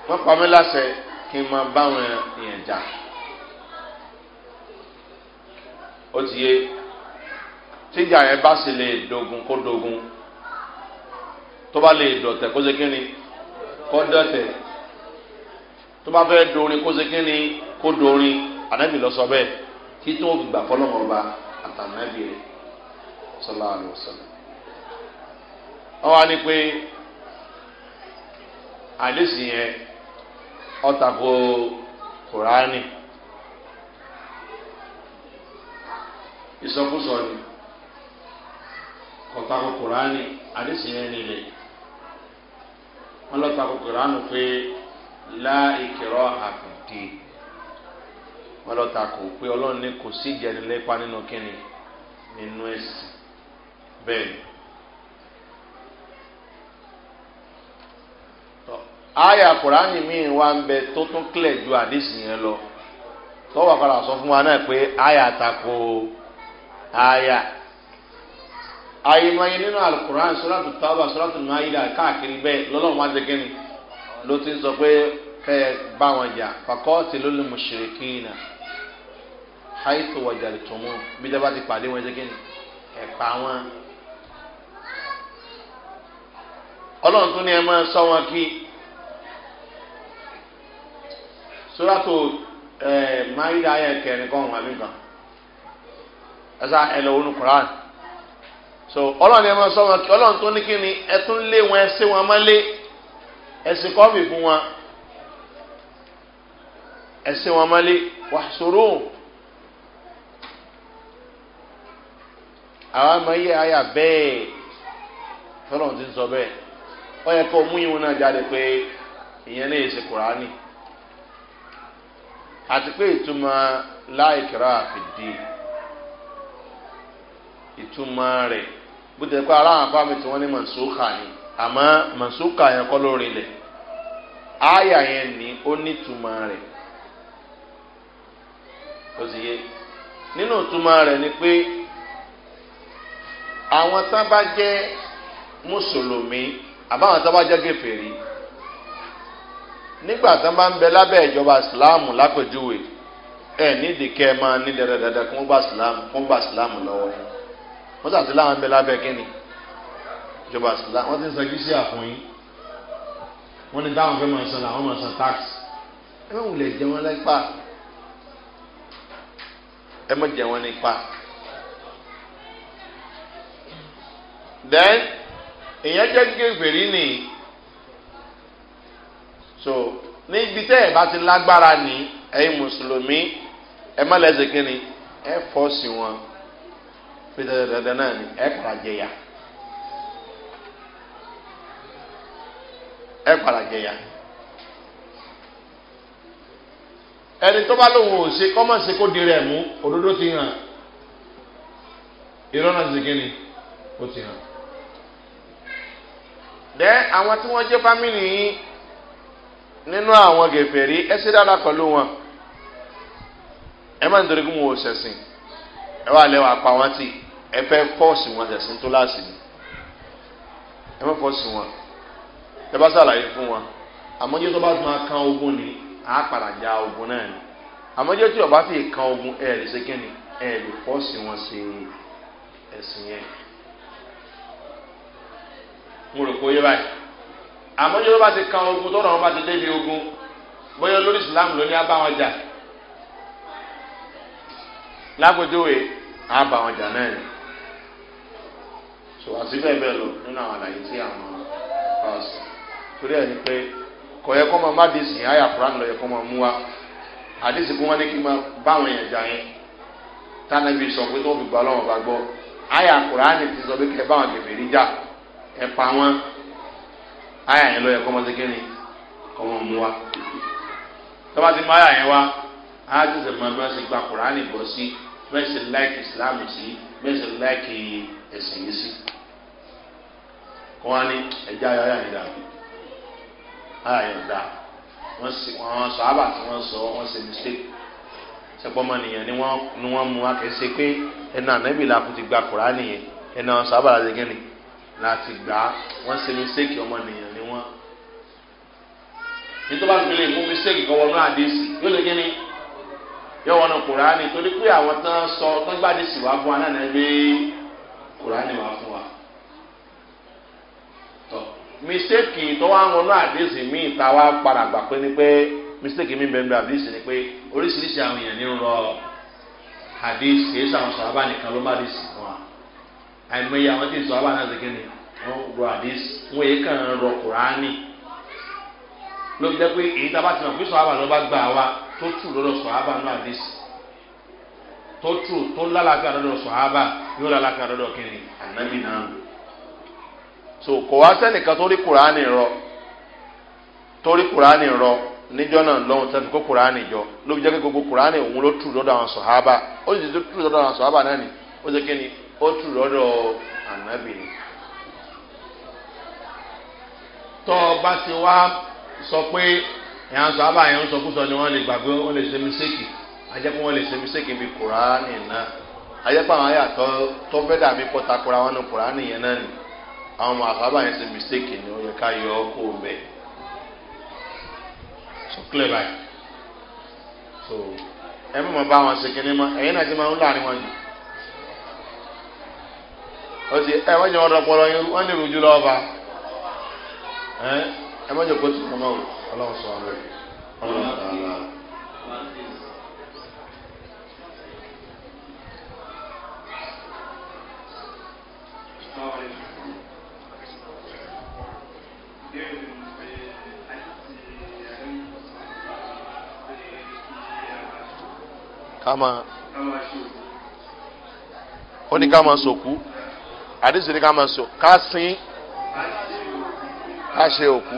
wọ́n pa mí láṣẹ kí n máa bá wọn yẹn jà ó ti yé tíjà yẹn bá sì lè dogun kó dogun tó bá lè dọ̀tẹ̀ kó ṣe kí ni. kọ́dọ̀tẹ̀ tó bá fẹ́ dorin kó ṣe kíni kó dorin ànábì lọ sọ bẹ́ẹ̀ kí tó gbà fọlọ́mọ ọba àtànábì rẹ̀ sọlá àlùsọ̀lá. wọ́n wá ní pé àdéhùn yẹn ọ̀tàkó kùránì. ìsọkúsọ ni kọtako kurani àdìsí yẹn nílẹ̀ wọn lọ sọ àkókò ránù la láìkìrọ̀ àfìdí wọn lọ tako pé ní kò sí ìjẹnilépa nínú kínní nínú ẹ̀sìn bẹ́ẹ̀ ni. àyà kùránì míì wá ń bẹ tó tún ju àdéhùn yẹn lọ tọ́wọ́ padà sọ fún wa náà pé àyà àyà. àyèmáyé nínú alukur'an sọ́làtù tábà sọ́làtù máyídà káàkiri bẹ́ẹ̀ lọ́lọ́run máa jẹ́ kínní ló ti ń sọ pé kẹ́ ẹ bá wọn jà fàkọ́ọ̀tì ló lè mùsùlùkì nà háìtò wàjà lè tó mú bí dábà ti pàdé wọn jẹ́ kínní ẹ̀ pa wọn. ọlọ́run tún ní ẹ máa sọ wọn kí sọ́làtù máyídà ayẹ̀kẹ́ nìkan wọn àbí nǹkan ẹ sá ẹ lọ wọnú kur'an. so ọlọ́run yẹn máa sọ wọn ọlọ́run tó ní kíni ẹ lé wọn ẹ sí wọn mọ́lé ẹ sì kọ́ọ̀bì fún wọn ẹ sí wọn mọ́lé wàásùrù àwọn ọmọ yìí àyà bẹ́ẹ̀ ti sọ ọ yẹ kó mú ìwọn náà jáde pé ìyẹn lè ṣe àti pé bó ti pẹ́ aláwọn afáàmì tí wọ́n ní mọ̀nsókà ni àmọ́ mọ̀nsókà yẹn kọ́ lórí ilẹ̀ ááyà yẹn ni ó nítumọ̀ rẹ̀ ó sì yé nínú ìtumọ̀ rẹ̀ ni pé àwọn tán bá jẹ́ mùsùlùmí àbáwọn tán bá jẹ́ gèfèrí nígbà tán bá ń bẹ lábẹ́ ìjọba ìsìláàmù lápèjúwe ẹ̀ nídìí kẹ́ ẹ máa ní dẹ́rẹ́dẹ́rẹ́ kó ń gba ìsìláàmù lọ́wọ́ yẹn wọ́n tàbí láwọn ẹgbẹ́ lábẹ́ kínní ìjọba àṣìlá wọ́n ti ń sọ gíṣẹ́ àfún yín wọ́n ní táwọn fẹ́ máa san làwọn máa san tax ẹ má wulẹ̀ jẹ wọn lápá ẹ má jẹ wọn nípa. then èèyàn jẹ́ gègbèrí nì so níbi tẹ́ ẹ̀ bá ti lágbára ní ẹ̀yin mùsùlùmí ẹ má lẹ́sẹ̀ kínní ẹ fọ́ sí wọn fi dandan náà ni ẹ padà jẹyà ẹ padà jẹyà ẹni tó bá lóun ò ṣe kọ́ máa ṣe kó di rẹ̀ mú òdodo ti hàn ìrọ́nà ti kí ni ó ti hàn. dẹ́ àwọn tí wọ́n jẹ́ fámìlì yìí nínú àwọn gèfèrí ẹ ṣe dára pẹ̀lú wọn ẹ má nítorí kí wọn ò ṣẹ̀sìn ẹ wà lẹ́wọ̀ apá wọn ti ẹ fẹ́ fọ́ọ̀sì wọn tẹ̀sán tó láàsì ni ẹ fẹ́ fọ́ọ̀sì wọn ẹ bá sàlàyé fún wọn àmọ́jẹ́ tó bá tún máa kan ogun ni á padà já ogun náà ni àmọ́jẹ́ tí ọba sì kan ogun ẹ̀ lè ṣe kí ni ẹ̀ lè fọ́ọ̀sì wọn ṣe ẹ̀sìn yẹn mo rò pé ó yé báyìí àmọ́jẹ́ tó bá ti kan ogun tó rọrùn bá ti débi ogun bóyá lórí ìsìlámù ló ní abáwọn jà lágbèjúwe á bá wọn jà náà ni sòwò àti bẹ́ẹ̀ bẹ́ẹ̀ lọ nínú àwọn àlàyé tí àwọn pàṣẹ torí ẹ̀ ni pé kò yẹ kó máa má dìísì yẹn àyà kúrán lọ yẹ kó máa mú wa àdìsí kó wọn ní kí n máa bá àwọn èèyàn jà yẹn tánàbí sọ pé tó fi gbọ́ ọlọ́wọ́n bá gbọ́ àyà kúrán ti sọ pé kẹ bá àwọn kẹfẹ́ rí jà ẹ pa wọn àyà yẹn lọ yẹ kó máa ṣe kí ni kó máa mú wa tọ́ba ti mú àyà yẹn wá á tètè mọ bá ṣe gba kùránì bọ́ sí bẹ́ẹ̀ sì láìkì ìsìláàmù sí bẹ́ẹ̀ sì láìkì ẹ̀sìn yìí sí. kọ́ wá ní ẹja ayọ̀ ayọ̀ ìdá ayọ̀ ìdá wọ́n sì wọ́n sọ ábà tí wọ́n sọ wọ́n ṣe mistake sẹpọmọ nìyẹn ni wọ́n ni wọ́n mú akẹ́sẹ́ pé ẹnà ànábì làkú ti gba kùránì yẹn ẹnà sábà láti gẹ́ni láti gbà á wọ́n mistake ọmọ nìyẹn ni wọ́n nítorí wọ́n fi lè mú mistake kọ́wọ́ náà dé sí yóò lè gẹ́ni. yóò wọnú kùránì torí pé àwọn tán sọ tán gbàdé sì wá fún wa náà náà gbé wá fún wa. tọ́ mistake tó wá ń wá padà pé ni pé mistake mi bẹ̀rẹ̀ àdéhùn ni pé oríṣiríṣi àwọn èèyàn ní rọ àdéhùn kìí sàwọn nìkan ló má fún wa àìmọye àwọn tí sọ náà ṣe ni rọ àdéhùn kàn ń rọ ló fi pé èyí tá a bá ti mọ̀ pé sọ̀hábà ló bá gbà wa tó tù lọ́dọ̀ sọ̀hábà náà àdìsí tó tù tó lálàáfíà lọ́dọ̀ sọ̀hábà yóò lálàáfíà so kò wá sẹ́nìkan tó rí rọ tó rí rọ níjọ́ náà lọ́hùn kó kùránì jọ ló jẹ́ pé gbogbo kùránì òun ló tù lọ́dọ̀ àwọn sọ̀hábà ó sì tù lọ́dọ̀ àwọn sọ̀hábà náà ni sọ pé ìyá ń sọ abá yẹn ń sọ kúsọ ni wọ́n lè gbàgbé wọ́n lè ṣe mísíkì ajẹ́pọ̀ wọ́n lè ṣe mísíkì bíi kùránì náà ajẹ́pọ̀ àwọn àyà tó tó fẹ́ dàbí pọ́takura wọn ní kùránì yẹn ni àwọn ọmọ yẹn ṣe ni so ẹ mọ̀ mọ̀ bá wọn ṣe kíní mọ́ ẹ̀yin náà ti máa ń láàrin wọn jù ti ẹ má jẹ́ kó tún ọmọ ọlọ́run sọ ọ̀rọ̀ rẹ̀ ọlọ́run sọ ọ̀rọ̀ rẹ̀. kama ó ní ká máa sòkú àdéhùn ní ká máa sò ká sin ká ṣe òkú.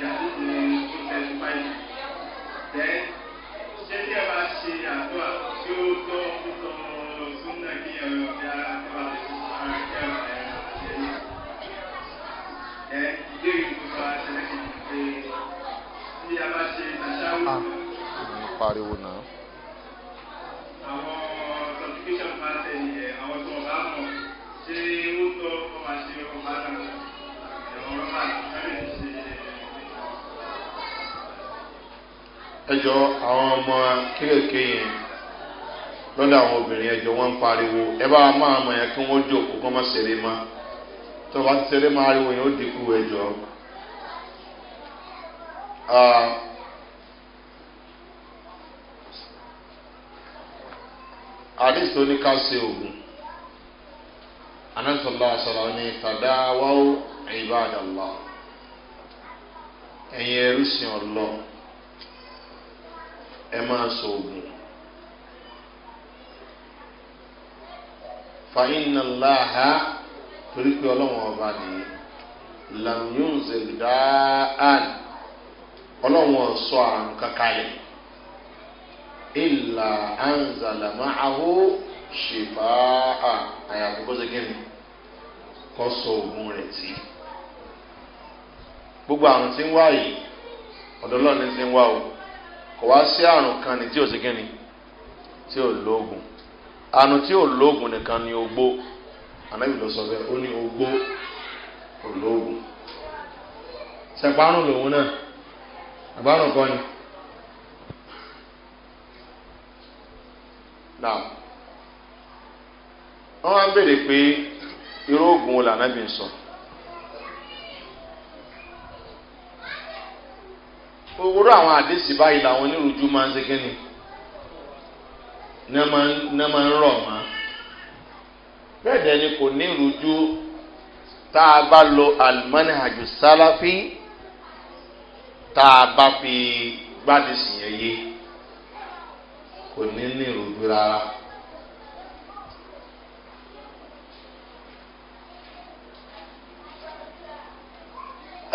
pariwo náà. àwọn certification pàṣẹ yẹn àwọn tó ọba mọ ṣé ó tọ ọba ṣe ọba náà ẹ̀wọ̀n rọ́bà ẹ̀rẹ̀ ṣe. ẹjọ́ àwọn ọmọ kéékèèké yẹn lọ́dọ̀ àwọn obìnrin ẹjọ́ wọ́n ń pariwo ẹ bá máa mọ̀ yẹn kí wọ́n jókòó kọ́ mọ́ sèré mọ́ tó bá ti sèré máa rí yẹn ó dínkù ẹjọ́. Ah, àdìsí tó ní ká ṣe ògùn anásọ̀lá àṣàlá ní tàdáwáwó ìbáàdàlá ẹ̀yin ẹrú sí ọlọ ẹ máa ṣe ògùn fàyínàláha torí pé ọlọ́wọ́n ọba nìyí làmúyún zèlú dáhàn ọlọ́wọ́n sọ àrùn kankalẹ̀. ìlà ànzàlámà àhó ṣèfà à àyàfi kó ṣe kí ni gbogbo àrùn ti ń wá yìí ti ń wá o kò wá sí àrùn kan ní tí o ṣe kí ni tí ò lóògùn àrùn tí ni ogbó sọ ó ní ogbó o lóògùn ṣẹ̀párùn lòun náà àbárùn kan ni. náà wọ́n wá ń béèrè pé irú oògùn wo làná bí ń sọ. òwúrọ̀ àwọn àdéṣì báyìí làwọn onírúurú máa ń ṣe kínní ní máa ń rọ̀ mọ́ bẹ́ẹ̀ dẹ̀ ni kò ní ìrújú tá a bá lo alimani àjò sáláfí tá a bá fi gbádùn sí yẹn yé. kò ní ní ìròjú rárá.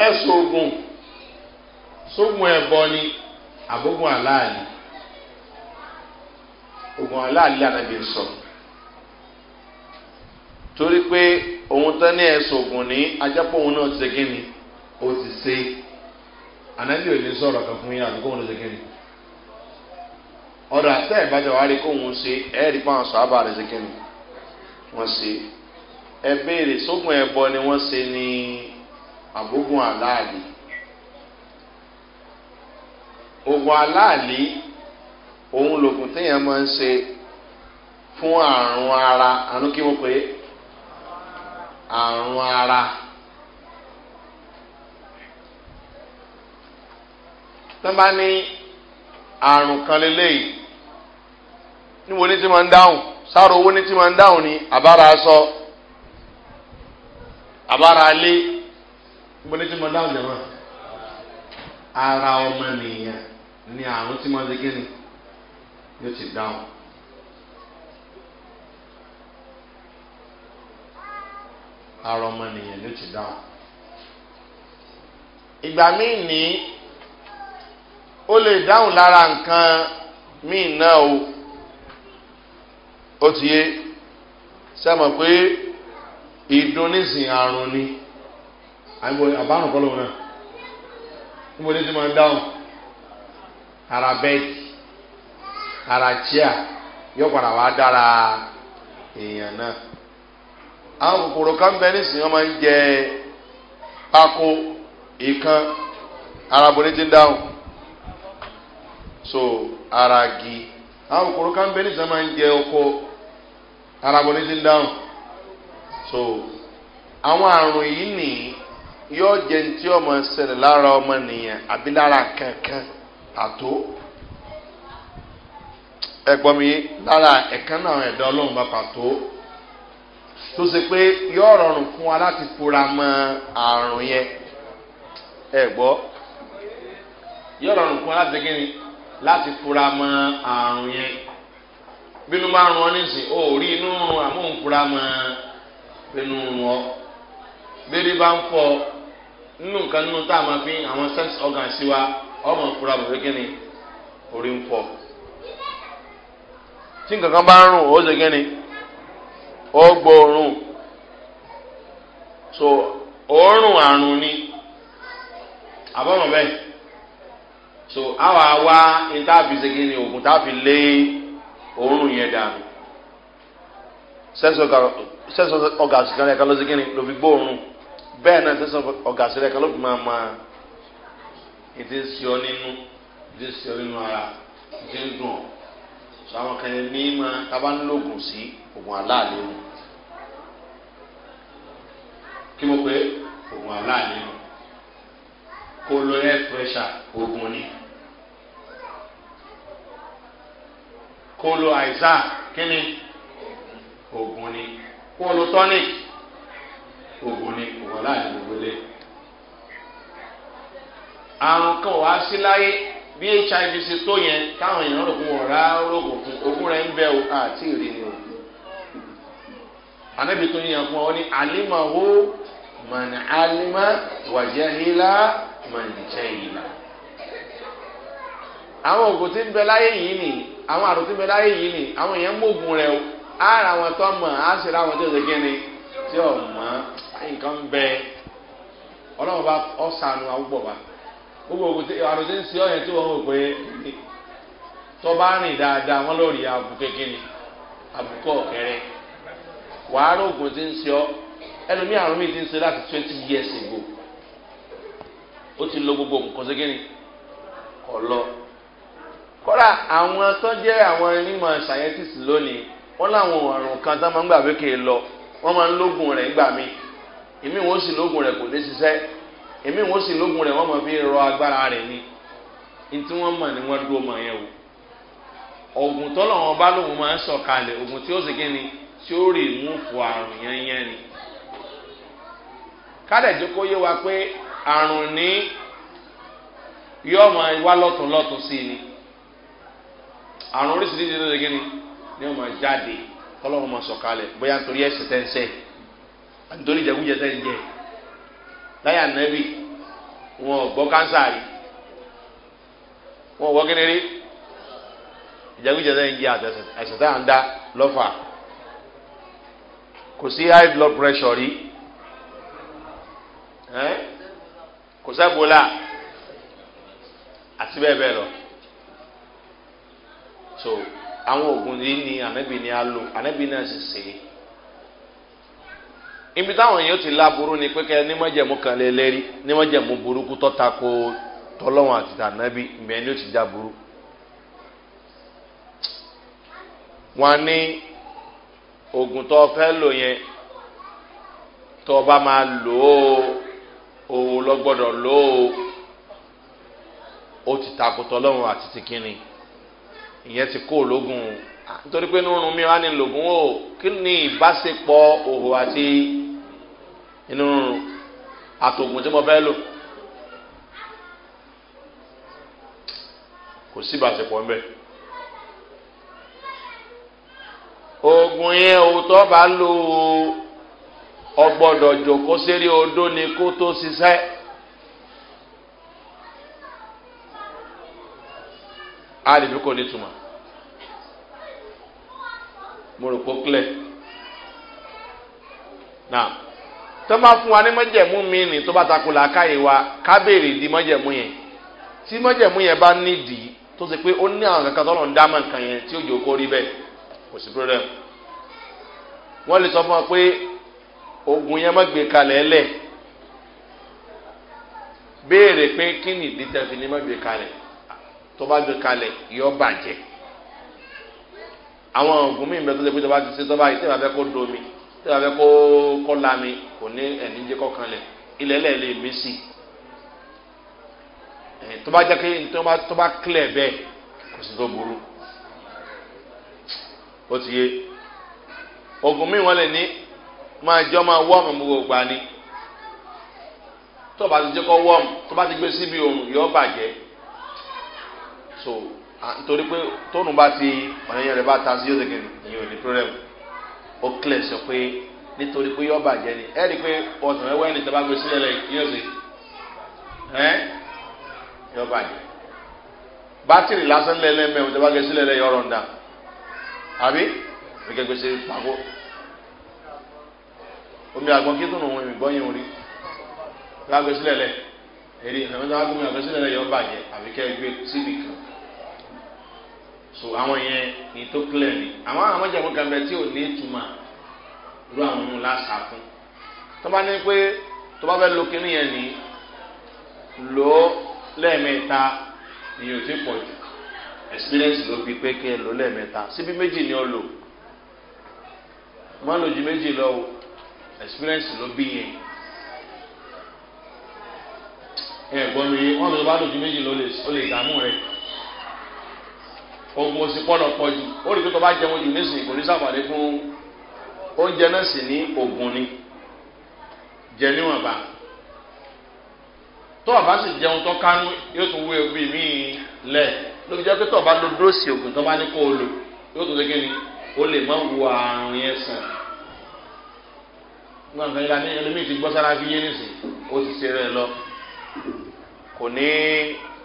ẹ̀sùn ogun sógun ẹ̀bọ ni àbógun aláàlì ogun aláàlì ànábì sọ torí pé òun tán ní ẹ̀sùn ogun ní ajápọ̀ òun náà ti ṣe kí ni o ti ṣe ànábì ò ní sọ̀rọ̀ kan fún yín àbíkó òun ló ṣe kí ni. ọ̀dọ̀ àtẹ́ ìbájọ́ wa rí kóhun ṣe ẹ̀ rí pọ́n sọ ábà rẹ̀ ṣe kí ni wọ́n ṣe ẹ béèrè sógun ẹ̀bọ ni wọ́n ṣe ní àbógun aláàlí ogun aláàlí òun lògùn téèyàn máa ń ṣe fún àrùn ara àánú kí wọ́n pè é àrùn ara. tọ́ba ní àrùn kan lélẹ́yìí níbo ní ti máa ń dáhùn sára owó ní ti máa ń dáhùn ní àbára aṣọ àbára alé ní ti máa ń dáhùn jẹ̀mọ́ ara ọmọ nìyẹn ni àrùn ti máa ń segin ni yóò ara ọmọ nìyẹn ló ti dáhùn. ìgbà míì ní ó lè dáhùn lára nǹkan míì o ó ti yé sẹ́mọ̀ pé ìdúnísìn àrùn ni àbárùn kọ́ lóun náà níbo ara ara yóò padà wá dára èèyàn náà àwọn kòkòrò kan bẹ nísìnyí wọn máa ń ako ìkan ara so ara gi àwọn kòkòrò kan ma nísìnyí máa ń ọkọ ara so àwọn àrùn yi nì yóò je ntị ọmọ ṣẹlẹ̀ lara ọmọ nìyẹn àbí kankan pato ẹ̀gbọ́n lara lára na náà ẹ̀dá ọlọ́run pato to se pe pé yóò rọrùn wa fura mọ àrùn láti fura mọ àrùn yẹn bínú bá rún ọ nísìn ó rí inú rún fura mọ bínú rún ọ bébí bá ń fọ nínú nǹkan nínú tá a fi àwọn organ sí wa ọmọ fura mọ pé kíni orí ń fọ tí nǹkan bá ń O ó ṣe kíni ó gbóòórùn so àrùn ni àbọ̀mọ̀ so àwa wá ntáàfisegin ni oògùn táàfi lé òórùn yẹn dànù sẹ́sọ̀ ọ̀gàsì kan lẹ́ka ló sí kíni ló fi gbóòórùn bẹ́ẹ̀ náà sẹ́sọ̀ ọ̀gàsì lẹ́ka ló fi máa ma ètè sí ọ nínú ètè sí ọ nínú ara ètè ń dùn ọ́ sọ àwọn kan ní ma tábà ń lògùn sí oògùn aláàlẹ́ mu kí mo pé oògùn aláàlẹ́ mu kó lóyè fúrẹ́ṣà oògùn ni. kóló àìsàn kíni ògùn ni kóló tonic ògùn ni òwò láàrin gbogbo ilé. àrùn kan wá sí láyé bí hiv ṣe tó yẹn káwọn èèyàn rò fún ọ̀rá rògùn fún ogún rẹ̀ ń bẹ́ o àti ìrìn ni o. anábì tó yẹn fún ọ ní alimahu mọ̀nà alima wàjẹ́hìlá mọ̀nìjẹ́hìlá àwọn ògùn tí ń bẹ láyé yìí nì àwọn àrùn tí ń bẹ láyé yìí nì àwọn èèyàn ń gbógun rẹ o ara àwọn tó mọ̀ á sì ra àwọn tó ṣe kíni tí ò mọ̀ nǹkan ń bẹ ọlọ́run bá ọ sànù àwùgbọ̀ wa gbogbo ògùn àrùn tí ń ṣe ọ̀yẹ́ tí wọ́n rò pé tó bá rìn dáadáa wọ́n lórí àbù kékeré àbùkọ́ ọ̀kẹ́rẹ́ wàá rògùn tí ń ṣe ọ ẹlòmíì àrùn mi ti ń ṣe láti twenty years ago ó ti lo gbogbo nǹkan ṣe kíni kọ̀ lọ. kọ́ra àwọn tó jẹ́ àwọn onímọ̀ scientist lónìí wọ́n láwọn ọ̀rùn kan tó máa ń gbà pé lọ wọ́n máa ń lógun rẹ̀ gbà mí èmi wọ́n sì lógun rẹ̀ kò lè ṣiṣẹ́ èmi wọ́n sì lógun fi rọ agbára rẹ̀ ni ní tí wọ́n mọ̀ ni wọ́n dúró mọ̀ yẹn o ogun tó lọ́wọ́ bá lóun máa ń sọ̀kalẹ̀ ogun tí ó sì kíni tí ó rì mú àrùn yẹn ni. kó wa pé àrùn ní lọ́tún lọ́tún ni. àrùn oríṣiríṣi ló ṣe kí ni ni wọ́n máa jáde kọ́lọ́wọ́n máa sọ̀kalẹ̀ bóyá nítorí ẹ̀sẹ̀ tẹ́ ń sẹ́ nítorí ìjẹkújẹ tẹ́ ń jẹ láyà nẹ́bì wọn ò gbọ́ kánsà rí wọn ò gbọ́ kékeré ìjẹkújẹ tẹ́ ń jẹ àtẹ̀sẹ̀ tẹ́ ń dá lọ́fà kò sí high blood pressure rí kò sẹ́gbọ́lá àti bẹ́ẹ̀ bẹ́ẹ̀ lọ. so àwọn oògùn yìí ni ànábì ni a lò ànábì náà sì sè é ibi táwọn èèyàn ti láburú ni pé kẹ nímọ̀jẹ̀mú kan lé lérí nímọ̀jẹ̀mú burúkú tọ́ta àti ni ó ti já wọn ní oògùn tó fẹ́ lò yẹn tó o bá máa lò ó òwò lọ́gbọ́dọ̀ lò ó ó ti takò tọ́lọ́wọ̀n àti ìyẹn ti kó lógun nítorí pé nínú mi wá ní lògùn o kí ni ìbáṣepọ̀ òhò àti inú àtògùn tí mo fẹ́ lò kò sí ìbáṣepọ̀ ńbẹ. oògùn yẹn òótọ́ bá lò ó ọgbọ́dọ̀ jòkó sérí odó ni kó tó ṣiṣẹ́. a lè fi kò ní túmọ̀ mo rò pé ó clear náà tó bá fún wa ní di mọ́jẹ̀mú dị tí mọ́jẹ̀mú yẹn bá nídìí tó ṣe pé ó ní àwọn kankan tó lọ́n dámọ̀ nǹkan yẹn tí ó jò kó rí bẹ́ẹ̀ kò sí problem wọ́n lè sọ fún wa ogun yẹn má gbé kalẹ̀ fi ma tó bá gbé kalẹ̀ yọ bàjẹ́ àwọn oògùn míì mẹ́tọ́ lè pé tó bá ti ṣe tó bá yìí tẹ́lẹ̀ bá fẹ́ kó domi tẹ́lẹ̀ bá fẹ́ kó kọ́ lami kò ní ẹ̀ní jẹ́ kọ́ kanlẹ̀ ilẹ̀ lẹ̀ lè mí sí i tó bá jẹ́ pé tó bá kílẹ̀ bẹ́ẹ̀ kò sí tó burú ó ti yé oògùn míì wọ́n lè ní máa jẹ́ ọmọ wọ́ọ̀mù gbogbo gbani tó ti jẹ́ kọ́ wọ́ọ̀mù tó ti gbé síbi òun yọ bàjẹ́ so ah, nítorí pé tóun bá ti ọ̀nàyàn rẹ̀ bá ta sí yóò ṣègbè ìyẹn ò problem ó clear sọ pé nítorí pé yóò bàjẹ́ ni ẹ rí i pé ọ̀sán ẹwẹ́ ní tẹ́lá gbé sílẹ̀ lẹ́yìn yóò ṣe ẹ́ yóò bàjẹ́ bátìrì lásán lẹ́lẹ́ mẹ́rin tẹ́lá gbé sílẹ̀ lẹ́yìn ọ̀rọ̀ ń dà àbí gẹ́gẹ́ gbèsè pàgó omi àgbọn kí tó nù wọn ìgbọ́ yẹn orí lágbèsílẹ̀ lẹ̀ èrè ìhànmẹ́ta lẹ̀ yọ bàjẹ́ so àwọn yẹn ní tó clear ni àwọn àwọn jẹ̀mú kan bẹ tí ò ní ìtumọ̀ irú àwọn ohun lásà fún tó bá ní pé tó bá fẹ́ lo kíní yẹn ní lò ó lẹ́ẹ̀mẹ́ta ìyẹn ò ti pọ̀ jù experience ló fi pé kí ẹ lò ó lẹ́ẹ̀mẹ́ta síbi méjì ni ó lò má lò ju méjì lọ o experience ló bí yẹn ẹ gbọ́ mi wọ́n mi bá lò ju méjì lọ ó lè dààmú rẹ̀ oògùn òsì pọ́nà pọ̀ jù ó rí i pé tó bá jẹun jù nísìnyí kò ní sàmàlẹ́ fún oúnjẹ náà sì ní oògùn ni jẹ níwọ̀nba tó o bá sì jẹun tó kánú yóò tún wú ebi míì lẹ̀ lóbi jẹ́ pé tó o bá lo dóòsì oògùn tó bá ní kó o lò yóò tún légé ni o lè má wo àrùn yẹn sàn nígbà tó yẹra ní ẹlòmíì ti gbọ́ sára fi yé nísìnyí o ti ṣe rẹ̀ lọ kò ní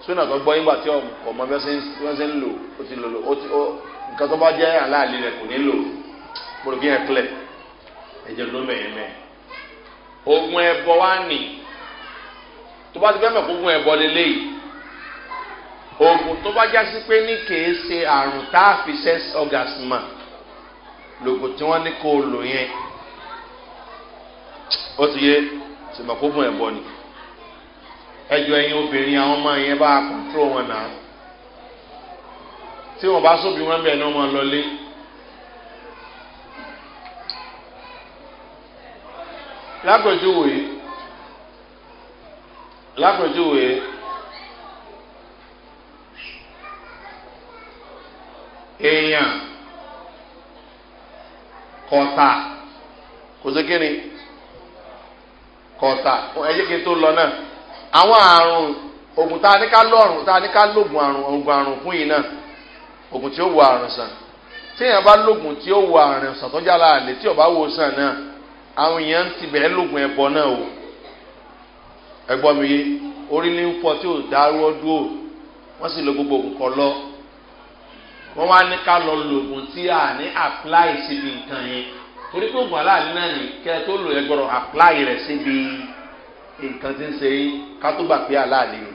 súnà tó gbọ́ nígbà tí ọkọ̀ mọ bí wọ́n ṣe ń lò ó ti lò ó ti ó nǹkan tó bá jẹ́ aláàlí rẹ̀ kò ní lò kúrò bí ẹ̀kílẹ̀ ẹ̀jẹ̀ ló mẹ̀yìn mẹ́. ogun ẹ̀bọ wá nì tó bá ti fẹ́ mọ̀ kó ogun ẹ̀bọ lélẹ́yìí ogun tó bá jásí pé ní kèé ṣe àrùn tá a fi sex orgasm lògùn tí wọ́n ní kó lò yẹn ó ti yé ṣèmọ̀kó ogun ẹ̀bọ ni ẹjọ ẹyin obìnrin àwọn ọmọ yẹn bá kọ́ńtró wọn náà tí wọn bá sóbi wọn bẹ̀ ní wọn lọlé. lápẹjúwe lápẹjúwe èèyàn kọta kò sí kíni kọta ẹ jẹ́ kí n tó lọ náà àwọn àrùn ògùn tá a ní ká lọ́rùn tá a ní ká lògùn àrùn ògùn àrùn fún yìí náà ògùn tí ó wo àrùn sàn tí èèyàn bá lògùn tí ó wo àrùn sàn tó jára àlè tí ọba wo sàn náà àwọn èèyàn ti bẹ̀ẹ́ lògùn ẹ̀bọ náà o ẹ̀gbọ́n mi orí ní ń fọ tí ò dárúọ dúró wọ́n sì lo gbogbo ògùn kọ lọ wọ́n wá ní ká lọ lògùn tí a ní apply síbi nǹkan yẹn torí pé ògùn aláàlú náà ní kẹ́ tó lò ẹgbọ́rọ̀ apply rẹ̀ síbi nǹkan ti ń ṣe yín ká tó gbà pé aláàlè ni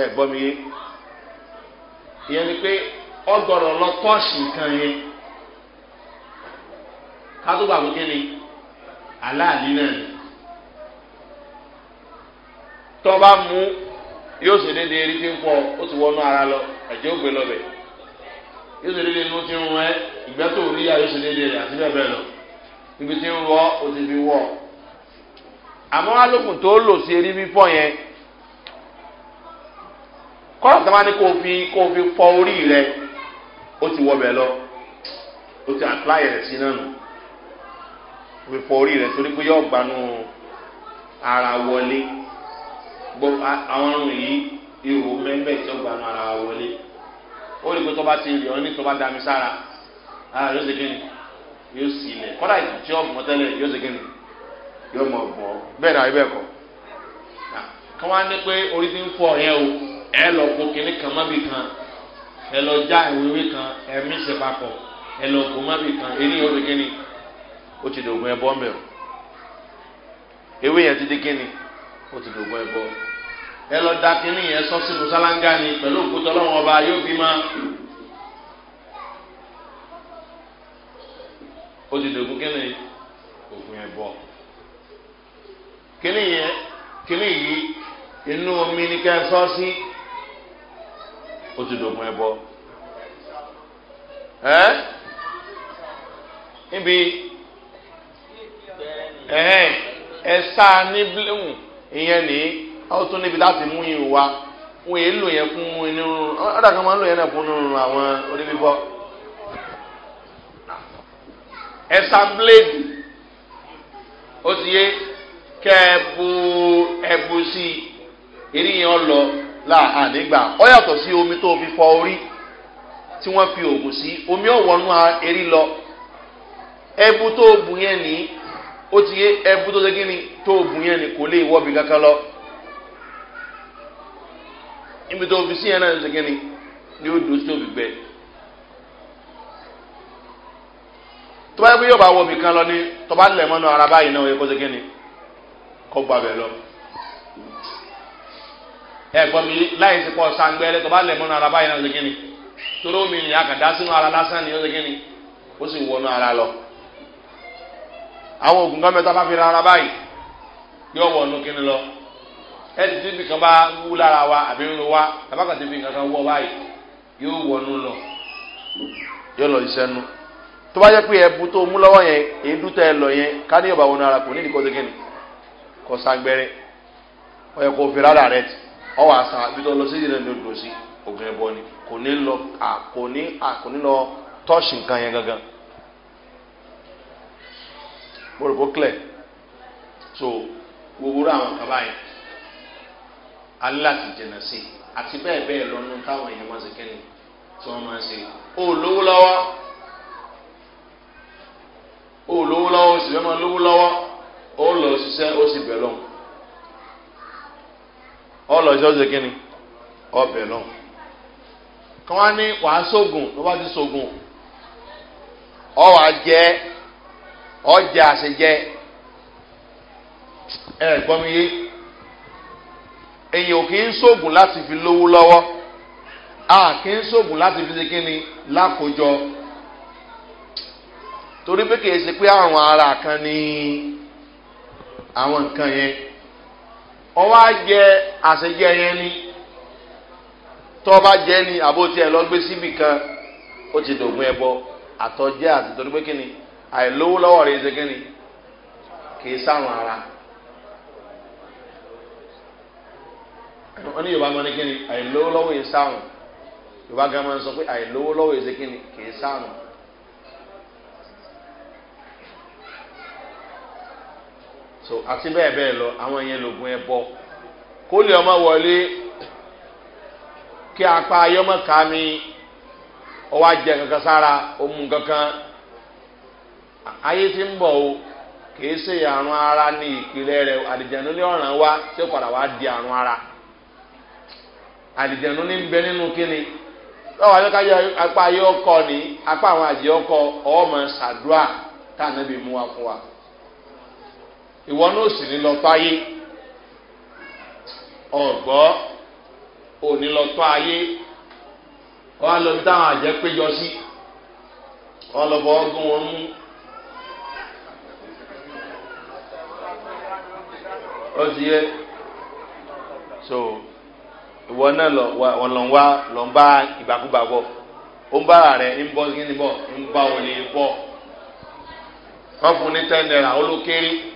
ẹ gbọ́ mi yé ìyẹn ni pé ọgọrọ lọ tọ́ọ̀ṣì nǹkan yẹn ká tó gbà pé kí ni aláàlè náà ni tọ́ba mú yóò ṣe déédéé rí tí ń pọ̀ ó ti wọnú ara lọ ẹ̀jẹ̀ ó gbé lọ bẹ̀ yóò ṣe déédéé inú tí ń rún ẹ ìgbẹ́ tó rí yà yóò ṣe déédéé rẹ̀ àti bẹ́ẹ̀ bẹ́ẹ̀ lọ ibi tí ń rọ ó ti fi wọ̀ ọ́ àmọ́ alóògùn tó lò sí erí fífọ́ yẹn kọ́lá tó bá ní kó fi kó fi fọ orí rẹ ó ti wọbẹ̀ lọ ó ti apply rẹ̀ sí náà nù kó fi fọ orí rẹ torí pé yóò gbanú ara wọlé gbogbo àwọn ọrùn yìí ihò mẹ́mẹ́ tí ó gbanú ara wọlé ó lè pé tó bá ti rí ọ ní tó dami sára ara yóò ṣe kí ni yóò sì ilẹ̀ kọ́lá ìtútù ọ̀gbọ̀n tẹ́lẹ̀ yóò ṣe kí ni. yóò mọ̀ fọ́ bẹ́ẹ̀ náà ibẹ̀ kọ́ kí wọ́n á ní pé orí ń fọ o ẹ lọ kó kinní kan mọ́bì kan ẹ lọ kan ṣe kan èyí yóò fi ti ẹbọ mẹ o ewé yẹn ti di ti ẹbọ ẹ lọ da yẹn sọ sínú sálángá ni òkúta ọba yóò bí kíní yẹn kíní yìí inú omi ní ká sọ sí ó ti dògùn ẹ bọ ẹ níbi ẹ ẹ sáà ní bílẹ̀wù ìyẹn ní ó tún níbi láti mú yìí wá wọn èyí lò yẹn fún inú ọ̀dà kan máa ń lò yẹn náà fún inú àwọn oníbíbọ́. ẹ̀sán bíléèdì ó ti yé kẹ́ ẹ bu ẹbu sí i eríyàn lọ là ànígbà ọ yàtọ̀ sí omi tó fi fọ orí tí wọ́n fi oògùn sí omi ọ̀wọ́nú erí lọ ẹbu tó bù yẹn ní ó ti yé ẹbu tó ṣe ni tó bù yẹn ní kò lè wọ́bi kankan lọ níbi tó fi sí yẹn náà ṣe ni ni ó dùn sí òbí gbẹ. tó bá yóò bá wọ́bi kan lọ ní tó lẹ̀ mọ́nú ara báyìí náà ó yẹ kó ṣe ni. kó gba bẹ̀ lọ. ẹ gbọ́ mi láì sí pọ̀ bá lẹ̀ mọ́nú ara báyìí náà ṣe kíni mi ni àkàdá sínú ara lásán ni ó ó sì wọnú ara lọ. àwọn oògùn kan fi ra ara báyìí yóò wọnú kíni lọ wa àbí ń lo wa tàbákàtí fi nǹkan kan wọ báyìí yóò wọnú lọ yóò lọ iṣẹ́ nu tó bá yẹ tó mú lọ́wọ́ yẹn ara kò ní ìdíkọ́ ṣe kọ sangbẹrẹ ọyẹ kò fi rárá rẹ ti ọwọ àṣà abitọ lọ sí ìdílé ní sí ògùn ẹbọ ni kò ní lọ kò ní kò ní lọ tọ́ọ̀ṣì nǹkan yẹn gangan mo rò kó clear so gbogbo àwọn nǹkan báyìí alẹ́ láti jẹ̀nà sí àti bẹ́ẹ̀ bẹ́ẹ̀ lọ́nu táwọn èèyàn máa ń ṣe kẹ́ni tí wọ́n máa ń ṣe olówó lọ́wọ́ olówó lọ́wọ́ sì fẹ́ máa lówó lọ́wọ́. ó lọ osi ó sì bẹ̀ lọ́hùn ó lọ ṣiṣẹ́ ó wàá ti ọ jẹ ọjà àṣejẹ ẹ gbọ́ yé èyàn kì fi lówó lowo a kì í sógun láti fi ṣe lákòjọ torí pé kì í ṣe pé àrùn ara kan ni. àwọn nǹkan yẹn ọwọ́ á jẹ àṣejẹ yẹn ni tọ́ jẹ́ ni àbótí ẹ̀ lọ gbé kan ó ti dògún ẹ bọ àtọ́jẹ́ àti torí pé kíni àìlówó lọ́wọ́ rẹ̀ ṣe kíni kìí sáwọn ara wọ́n ní yorùbá máa ní kíni àìlówó lọ́wọ́ yìí sáwọn yorùbá gan máa ń sọ pé àìlówó lọ́wọ́ yìí ṣe kíni kìí sáwọn. so àti bẹ́ẹ̀ lọ àwọn yẹn lògùn ẹ bọ ọmọ wọlé kí apá ayọ́mọ ká mi ọwọ́ ajẹ kankan sára kankan ayé ti ń bọ̀ o kìí ṣe àrùn ara ní rẹ àdìjẹ́nu ní ọ̀ràn wa tí ó padà wá di àrùn ara ní ìwọ náà sì ní lọ fáyé ọgbọ òní lọ tó ayé wọn lọ bí táwọn àjẹ péjọ sí wọn lọ bọ ọgùn wọn mú ó yẹ so ìwọ náà lọ wọn lọ ń wá lọ ń bá ìgbàkúgbà bọ ó ń bá rẹ ń bọ kí ni bọ ń bá òní bọ wọn fún ní ten ó ló kéré.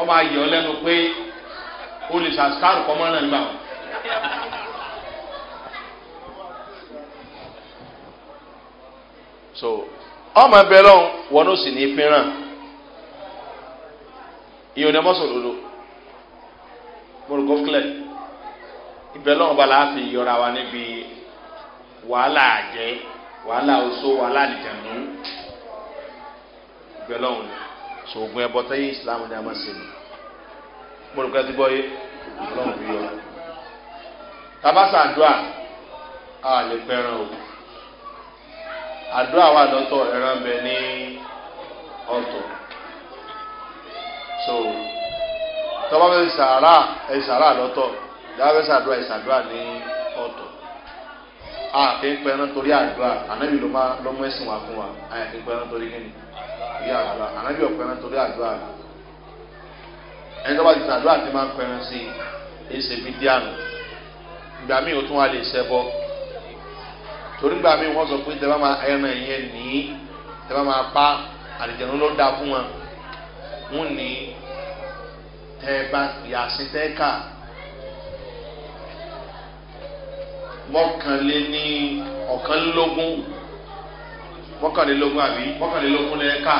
ọmọ ayọ̀ ọ lẹ́nu pé o lè ṣàṣàrò nígbà wọn. so ọmọ ẹbẹ lọ́hùn wọn ó sì ní fínràn ìyọ̀ ní ọmọ sòdodo morocco clear ibẹ̀ lọ́hùn bá láàfin yọra wa níbi wàhálà àjẹ wàhálà oṣó wàhálà àdìjànú ibẹ̀ lọ́hùn ni so ogun ẹbọ tẹyẹ islam ní a máa ṣe nù gbọdọgbẹ ti gbọ yé ọlọrun fi yọ tabasa adua. a lè pẹran o àdúrà wà lọtọ ẹran bẹ ní ọtọ so tọ́ba fẹ́ sàárà ẹ̀ sàárà lọ́tọ̀ dábẹ́ sàdúrà ẹ̀ sàdúrà ní ọ̀tọ̀ àfi ń pẹran torí àdúrà ànábì ló máa lọ́mọ ẹ̀sìn wá fún wa àfi ń pẹran torí kíni torí àdúrà ànábì ò pẹran torí àdúrà ẹni tó bá ti sàdúrà ti máa ń pẹran sí i èsè bíi díànù ìgbà míì ó tún wá lè sẹ́bọ̀ torí gbà míì wọ́n sọ pé tẹ́ bá máa ẹran ìyẹn nìyí tẹ́ bá máa pa àdìjẹ̀nu ló dáa fún wọn wọn ní tẹ́ bá yàsí tẹ́ ká. mọ́kànlé ní ọ̀kànlélógún mọ́kànlélógún àbí mọ́kànlélógún lẹ́ẹ̀ka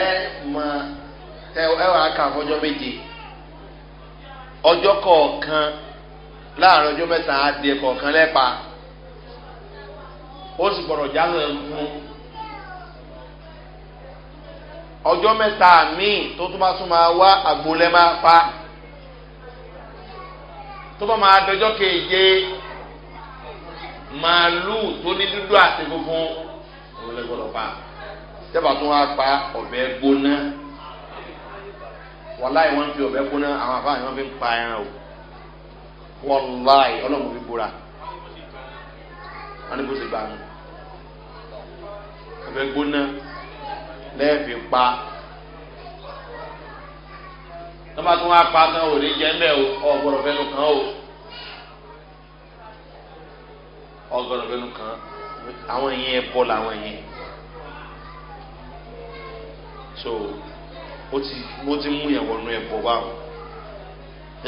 ẹ mọ ẹ kà fọjọ́ méje ọjọ́ kọ̀ọ̀kan láàrin ọjọ́ mẹ́ta adìẹ kọ̀ọ̀kan lẹ́pa ó sì gbọ́dọ̀ jáde fún ọjọ́ mẹ́ta míì tó tún bá tún máa wá àgbo tó bá máa dọjọ́ keje màálù tó ní dúdú àti funfun òun lè gbọdọ̀ pa jábà tó wá pa ọ̀bẹ gbóná wàláì wọn fi ọ̀bẹ gbóná àwọn afáàyàn wọn fi ń pa ẹran o wàláì ọlọ́mọ fi bóra wọn ní bó ṣe gbà mí ọ̀bẹ gbóná lẹ́ẹ̀fi pa tọ́ba tó wá pa tán ò ní jẹ́ mbẹ́ o ọ̀gbọ̀rọ̀ fẹ́nu kan o ọ̀gbọ̀rọ̀ fẹ́nu kan àwọn yẹn bọ́ làwọn yẹn so mo ti mo ti mú yẹn wọnú ẹ̀ bọ̀ báwọn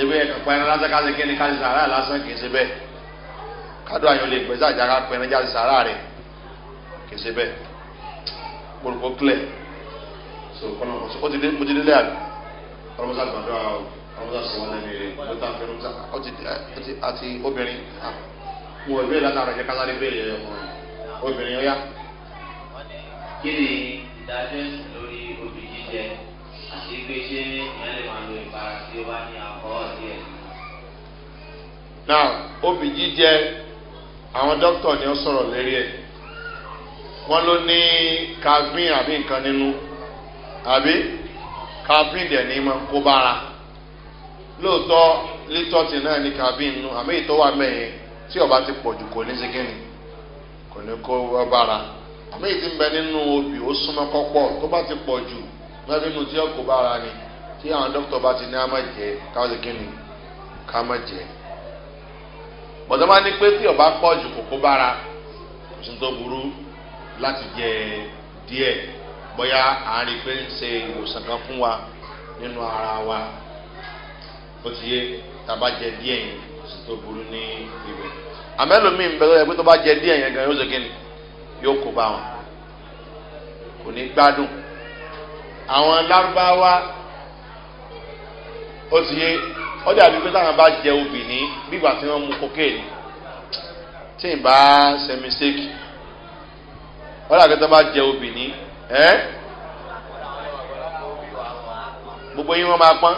ebi ẹ̀ kàn pẹ́ẹ́rẹ́ lásán káṣí kí ni káṣí sàrà lásán kì í ṣe bẹ́ẹ̀ kádó àyàn lè pèsè àjàrà pẹ́ẹ́rẹ́ jáde sàrà rẹ̀ kì í ṣe bẹ́ẹ̀ mo rò pé ó clear so kọ́nà mo ti dé mo ti dé lẹ́yìn àná ọlọ́mọsá gbàdúrà ọlọ́mọsá sọ wọn lẹ́nu rẹ̀ lọ́tà fẹ́ràn àti obìnrin mo wọ̀ ìbéèrè látara ẹ̀jẹ̀ kásáré béèrè obìnrin ọ̀yá. kí ni ìdájọ́ lórí obì jíjẹ àti pé ṣé ìyẹn lè máa lo ìpara tí ó bá ní àkọ́ọ̀ díẹ̀. náà obì jíjẹ àwọn dókítà ni ó sọ̀rọ̀ lérí ẹ̀ wọ́n ló ní kavin àbí nǹkan nínú àbí. calvin dẹ̀ ní ma kó bára lóòótọ́ lítọ́tì náà ní calvin nù àmì ìtọ́wà mẹ́yìn tí ọba ti pọ jù kò ní sí kò ní kó bára àmì ń bẹ nínú obì ó súnmọ́ tó bá ti pọ̀ jù tí bára ni tí àwọn dókítà bá ti ní a jẹ ká jẹ máa ní ọba pọ̀ jù kò kó bára kò sí tó burú láti jẹ bóyá à ń rí i pé ń ṣe ìwòsàn kan fún wa nínú ara wa ó ti yé tàbá jẹ díẹ̀ yẹn sì tó burú ní ibẹ̀ àmẹ́lòmíì ń bẹ̀rẹ̀ pé tó bá jẹ díẹ̀ yẹn gan yóò ṣe kí ni yóò kó bá wọn kò ní gbádùn àwọn lárúbáwá ó ti yé ó dàbí pé táwọn bá jẹ obì ní bígbà tí wọ́n mu kokéènì tí ì bá ṣe mistake ó dàbí pé tó bá jẹ obì ní. ẹ́ gbogbo yín máa pọ́n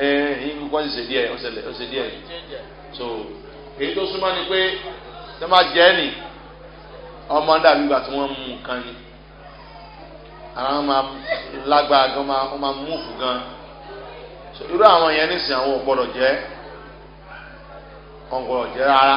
ẹ̀ yín ṣe díẹ̀ ó díẹ̀ so èyí tó súnmọ́ ni pé máa jẹ́ ọmọ dàbí ìgbà tí wọ́n mú un kan ni àwọn máa lágbára gan so irú àwọn yẹn àwọn jẹ́ jẹ́ rárá.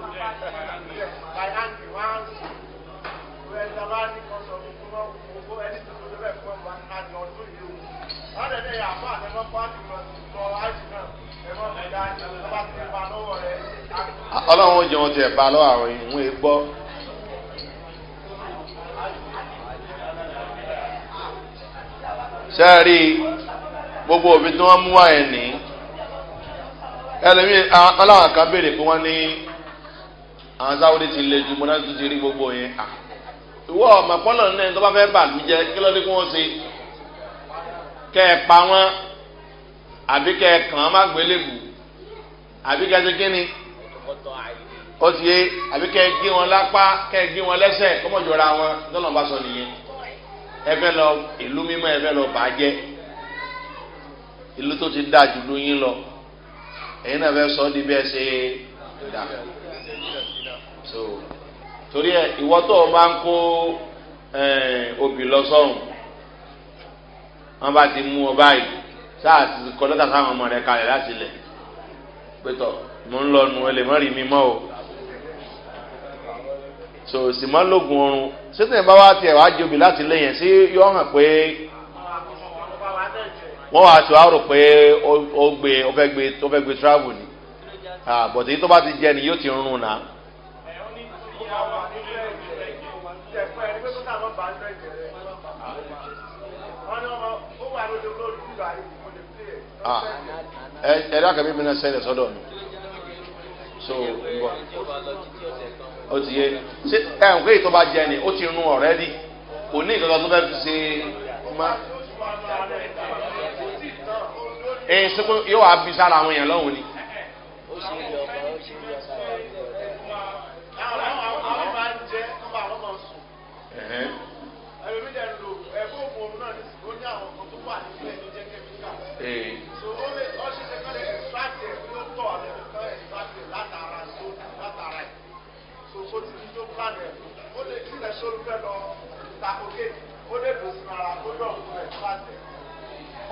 by hand you want wẹ́ẹ́dá bá ní kan sọ fún fún owó ẹni tó tó bẹ́ẹ̀ ti bá lọ́wọ́ rẹ̀. ọlọ́run jẹun tiẹ̀ bá gbogbo òbí tí wọ́n mú wáyé ní ẹlẹ́mìí aláwọ̀ kan béèrè pé wọ́n ní àwọn sáwọ́dé ti le ju mọ́nà tó ti rí gbogbo yẹn à ìwọ ọmọ pọ́nlọ̀ náà ẹni tó bá fẹ́ bà mí jẹ kí lọ́dún kí wọ́n ṣe kẹ́ ẹ pa wọ́n àbí kẹ́ ẹ kàn án má gbélébù àbí kẹ́ ẹ ṣe kíni ó ti yé àbí kẹ́ ẹ gé wọn lápá kẹ́ ẹ gé wọn lẹ́sẹ̀ kọ́mọ̀jọ́ra wọn lọ́nà bá sọ nìyẹn ẹ fẹ́ lọ ìlú mímọ́ ẹ fẹ́ lọ bàjẹ́ ìlú tó ti dáa jù lóyún lọ èyí náà fẹ́ sọ ọ́ di bẹ́ẹ̀ ṣe dà so torí ẹ ìwọ tó o bá ń kó obì lọ sọ́run wọ́n bá ti mú ọ báyìí sáà ti kọ́ lọ́tà sáwọn ọmọ rẹ̀ kalẹ̀ láti lẹ̀ pétọ́ mo ń lọ nu ẹlẹ́mọ́ rí mi mọ́ o so sì máa lóògùn oorun sẹ́tẹ̀ bá wá tiẹ̀ wá jẹ́ obì láti lé yẹn sí yọ hàn pé wọ́n wá tó a rò pé ó gbé ó fẹ́ gbé travel ni àbọ̀tẹ́yìn ah, tó bá ti jẹ́ ni yóò ti rún un náà ẹ̀dá kan mímí náà sẹ́lẹ̀ sọ́dọ̀ mi so wọ́n ó ti yé ṣé ẹ̀hún pé ìtọ́ bá jẹ ni ó ti rún ọ̀rẹ́ rí kò ní ìtọ́jú tó fẹ́ fi ṣe má. ẹ̀yin sẹ́kọ̀ọ́ yóò wá bí sára àwọn èèyàn lọ́hùn ni.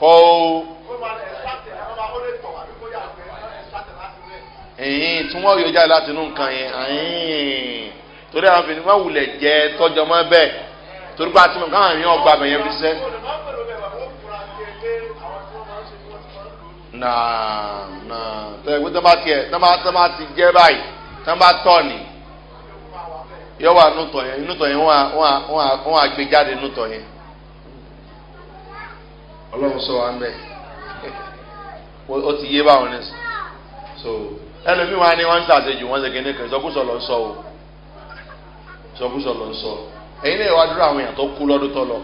kọ́ ó. ẹ̀yìn tí wọ́n yọjá láti inú nǹkan yẹn ẹ̀yìn torí àwọn fìdí máa wulẹ̀ jẹ tọ́jọ́ mọ́ bẹ́ẹ̀ torí pé àti mọ̀ká àmì ọgbà bẹ̀yẹn fi sẹ́. náà náà tẹ̀lé pé tọ́ba tiẹ̀ tọ́ba ti jẹ́ báyìí tọ́ba tọ̀ ni yọ wà nùtọ̀ yẹn nùtọ̀ yẹn wọ́n á gbé jáde nùtọ̀ yẹn ọlọ́run sọ wa ń bẹ̀ ó ti yé báwọn ní so ẹlòmíín wa ni wọ́n ń sàṣejù wọ́n ṣe kéde kan ìsọkúsọ lọ sọ o ìsọkúsọ lọ sọ ẹ̀yin náà ìwádúró àwọn èèyàn tó kú lọ́dún tó lọ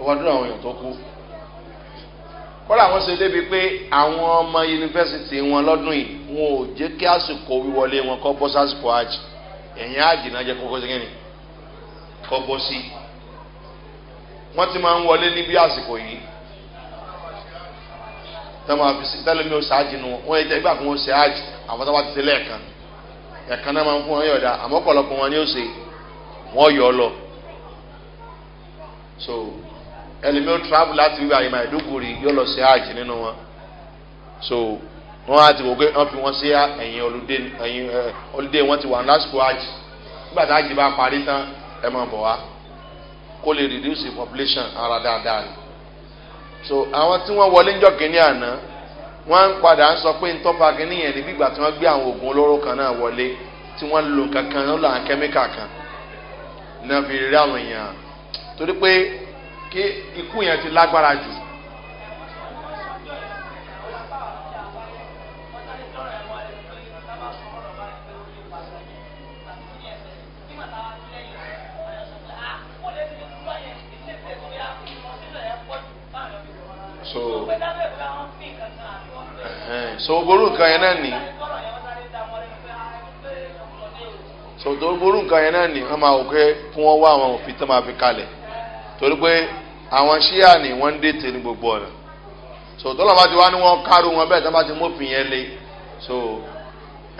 ìwádúró àwọn èèyàn tó kú kọ́lá àwọn ṣe débi pé àwọn ọmọ yunifásitì wọn lọ́dún yìí wọn ò jẹ́ kí àsìkò wíwọlé wọn kọ́ bọ́ àjì ẹ̀yìn àjì náà jẹ́ kókó sí kí kọ́ bọ́ sí i wọ́n ti máa ń wọlé níbi àsìkò yìí tẹ́lẹ̀mí ó ṣáájú nu wọ́n yẹ ìgbà fún ó ṣáájú àwọn tó bá ti tẹ́lẹ̀ kan ẹ̀kan náà máa ń fún wọn yọ̀dá àmọ́ ọ̀pọ̀lọpọ̀ wọn ni ó ṣe wọ́n yọ ọ lọ so ẹlẹ́mi ó travel láti wíwá àyè màdúgùrì yóò lọ ṣáájú nínú wọn so wọ́n á ti wò pé wọ́n fi wọ́n sí ẹ̀yìn ọ̀lùdé wọ́n ti wà lásìkò àjì nígbà tá àjì bá parí tán ẹ̀ máa bọ̀ wá. kó lè reduce population ara dáadáa ni so àwọn tí wọn wọlé ńjọ́ kínní àná wọn ń padà ń sọ pé ntọ́pa kínní yẹn ní bígbà tí wọn gbé àwọn oògùn olóró kan náà wọlé tí wọn lò kankan ló là ń kẹ́míkà kan náà fi rí àwọn èèyàn torí pé kí ikú yẹn ti lágbára jù so so gbogbo nǹkan yẹn náà so gbogbo nǹkan yẹn náà ní wọ́n máa wò fi kalẹ̀ torí pé àwọn ṣíà ni wọ́n ń dètè ní gbogbo ọ̀nà so tọ́lọ̀ bá ti wá ní wọ́n kárò wọn bẹ́ẹ̀ tó bá ti mófin yẹn le so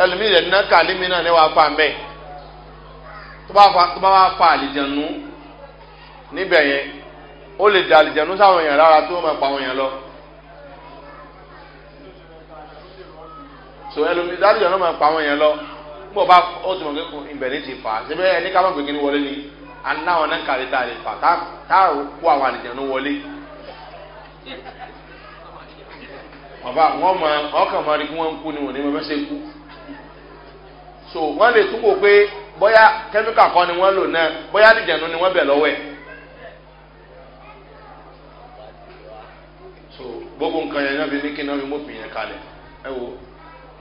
ẹlòmíì rẹ̀ nínú kàlímì náà ní fà mẹ́ẹ̀ tó bá wàá fà àlìjẹ̀nu níbẹ̀ yẹn ó lè dà àlìjẹ̀nú sáwọn èèyàn lára tó máa pa àwọn èèyàn lọ. sọ ẹlòmí dálìjẹ̀nú máa pa àwọn èèyàn lọ nígbà bá ó ti mọ̀ pé ìbẹ̀rẹ̀ ti fà á síbẹ̀ ẹni ká má gbé kíní wọlé ni àná àwọn náà kàlẹ́ tá a lè fà tá a kó àwọn àlìjẹ̀nú wọlé. bàbá wọn mọ ọkàn máa rí kí wọn ń kú ni wọn ní mọ mẹsẹ kú so wọn lè túbọ̀ pé bóyá kẹ́míkà kan ni wọ́n lò náà bóyá àlìjẹ̀nú ni wọ́n bẹ̀ lọ́wọ́ ẹ̀. gbogbo nǹkan yẹn náà fi ní kí náà fi mọ́fìn yẹn kalẹ̀ ẹ wo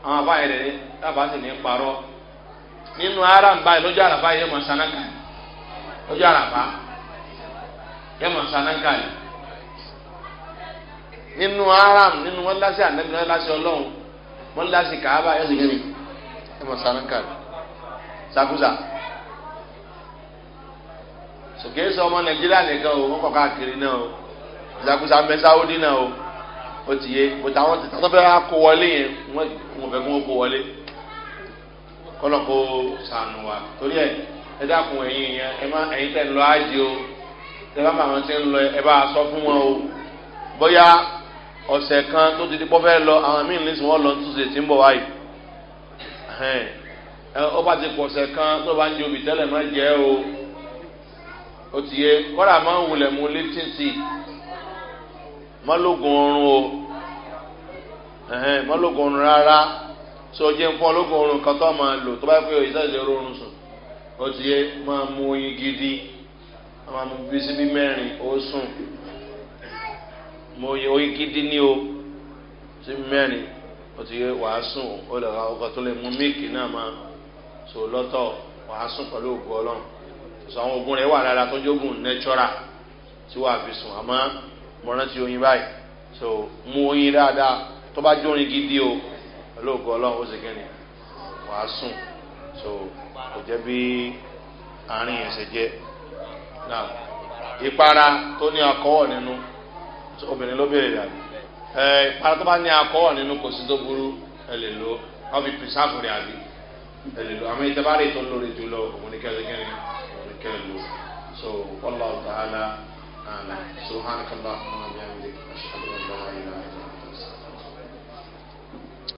àwọn afáyẹ rẹ dábàá sì ní parọ́ nínú ara ń báyìí lọ́jọ́ àràbá yẹn mọ̀ sanaka lọ́jọ́ àràbá yẹn mọ̀ sanaka yìí nínú ara nínú wọn lásì ànábi wọn lásì ọlọ́run wọn lásì kàába yẹn sì kiri yẹn mọ̀ sanaka yìí sakusa sòkè sọ ọmọ nàìjíríà nìkan o wọn kọ káàkiri náà o sakusa mẹsáwó dín náà o o ti o bùtà àwọn ti tọ́tọ́ bẹ́ẹ̀ kó wọlé yẹn wọ́n fẹ́ kó wọ́n kó wọlé kọ́nà kó sànù wa torí ẹ̀ ẹ dákun ẹ̀yin yẹn ẹ má ẹ̀yin tẹ̀ ń lọ ájì o tẹ bá àwọn tí ń lọ ẹ bá sọ fún wọn o bóyá ọ̀sẹ̀ kan tó ti di pọ́ fẹ́ lọ àwọn míì ní sùn wọ́n lọ tún ṣe ti ń bọ̀ wáyé ó bá ti pọ̀ ọ̀sẹ̀ kan tó bá ń di obì tẹ́lẹ̀ má jẹ́ o ó ti yé kọ́dà máa ń wulẹ̀ mu létí sí mọ́lógún oorun o mọ́lógún oorun rárá tí o jẹ́ ń fún ọlógún oorun kan tó máa lò tó bá pé òyìnbó oorun sùn ó ti máa gidi máa mú bí síbí mẹ́rin ó sùn mo gidi ní o síbí mẹ́rin ó ti yé wàá sùn ó lè ra ọkọ̀ tó lè mú míìkì náà máa lọ́tọ̀ wàá sùn pẹ̀lú ògùn ọlọ́run sọ àwọn ogun mo rántí oyin báyìí so mu oyin dáadáa tó bá jórin gidi o olóògùn ọlọ́run ó sì kí ni wàá sùn so kò jẹ́ bí àárín yẹn ṣe jẹ́ náà ìpara tó ní akọ́wọ̀ nínú obìnrin ló bèrè dà ẹ ìpara tó bá ní akọ́wọ̀ nínú kò sí tó burú ẹ lè lo wọ́n fi pìrìsáàfù rẹ̀ àbí ẹ lè lo àmọ́ ìtẹ́bárẹ̀ tó lórí jùlọ òun ní kẹ́lẹ́kẹ́rin òun ní kẹ́lẹ́ lo so wọ́n lọ́ọ̀ tààlà. سبحانك اللهم وبحمدك أشهد أن لا إله الا انت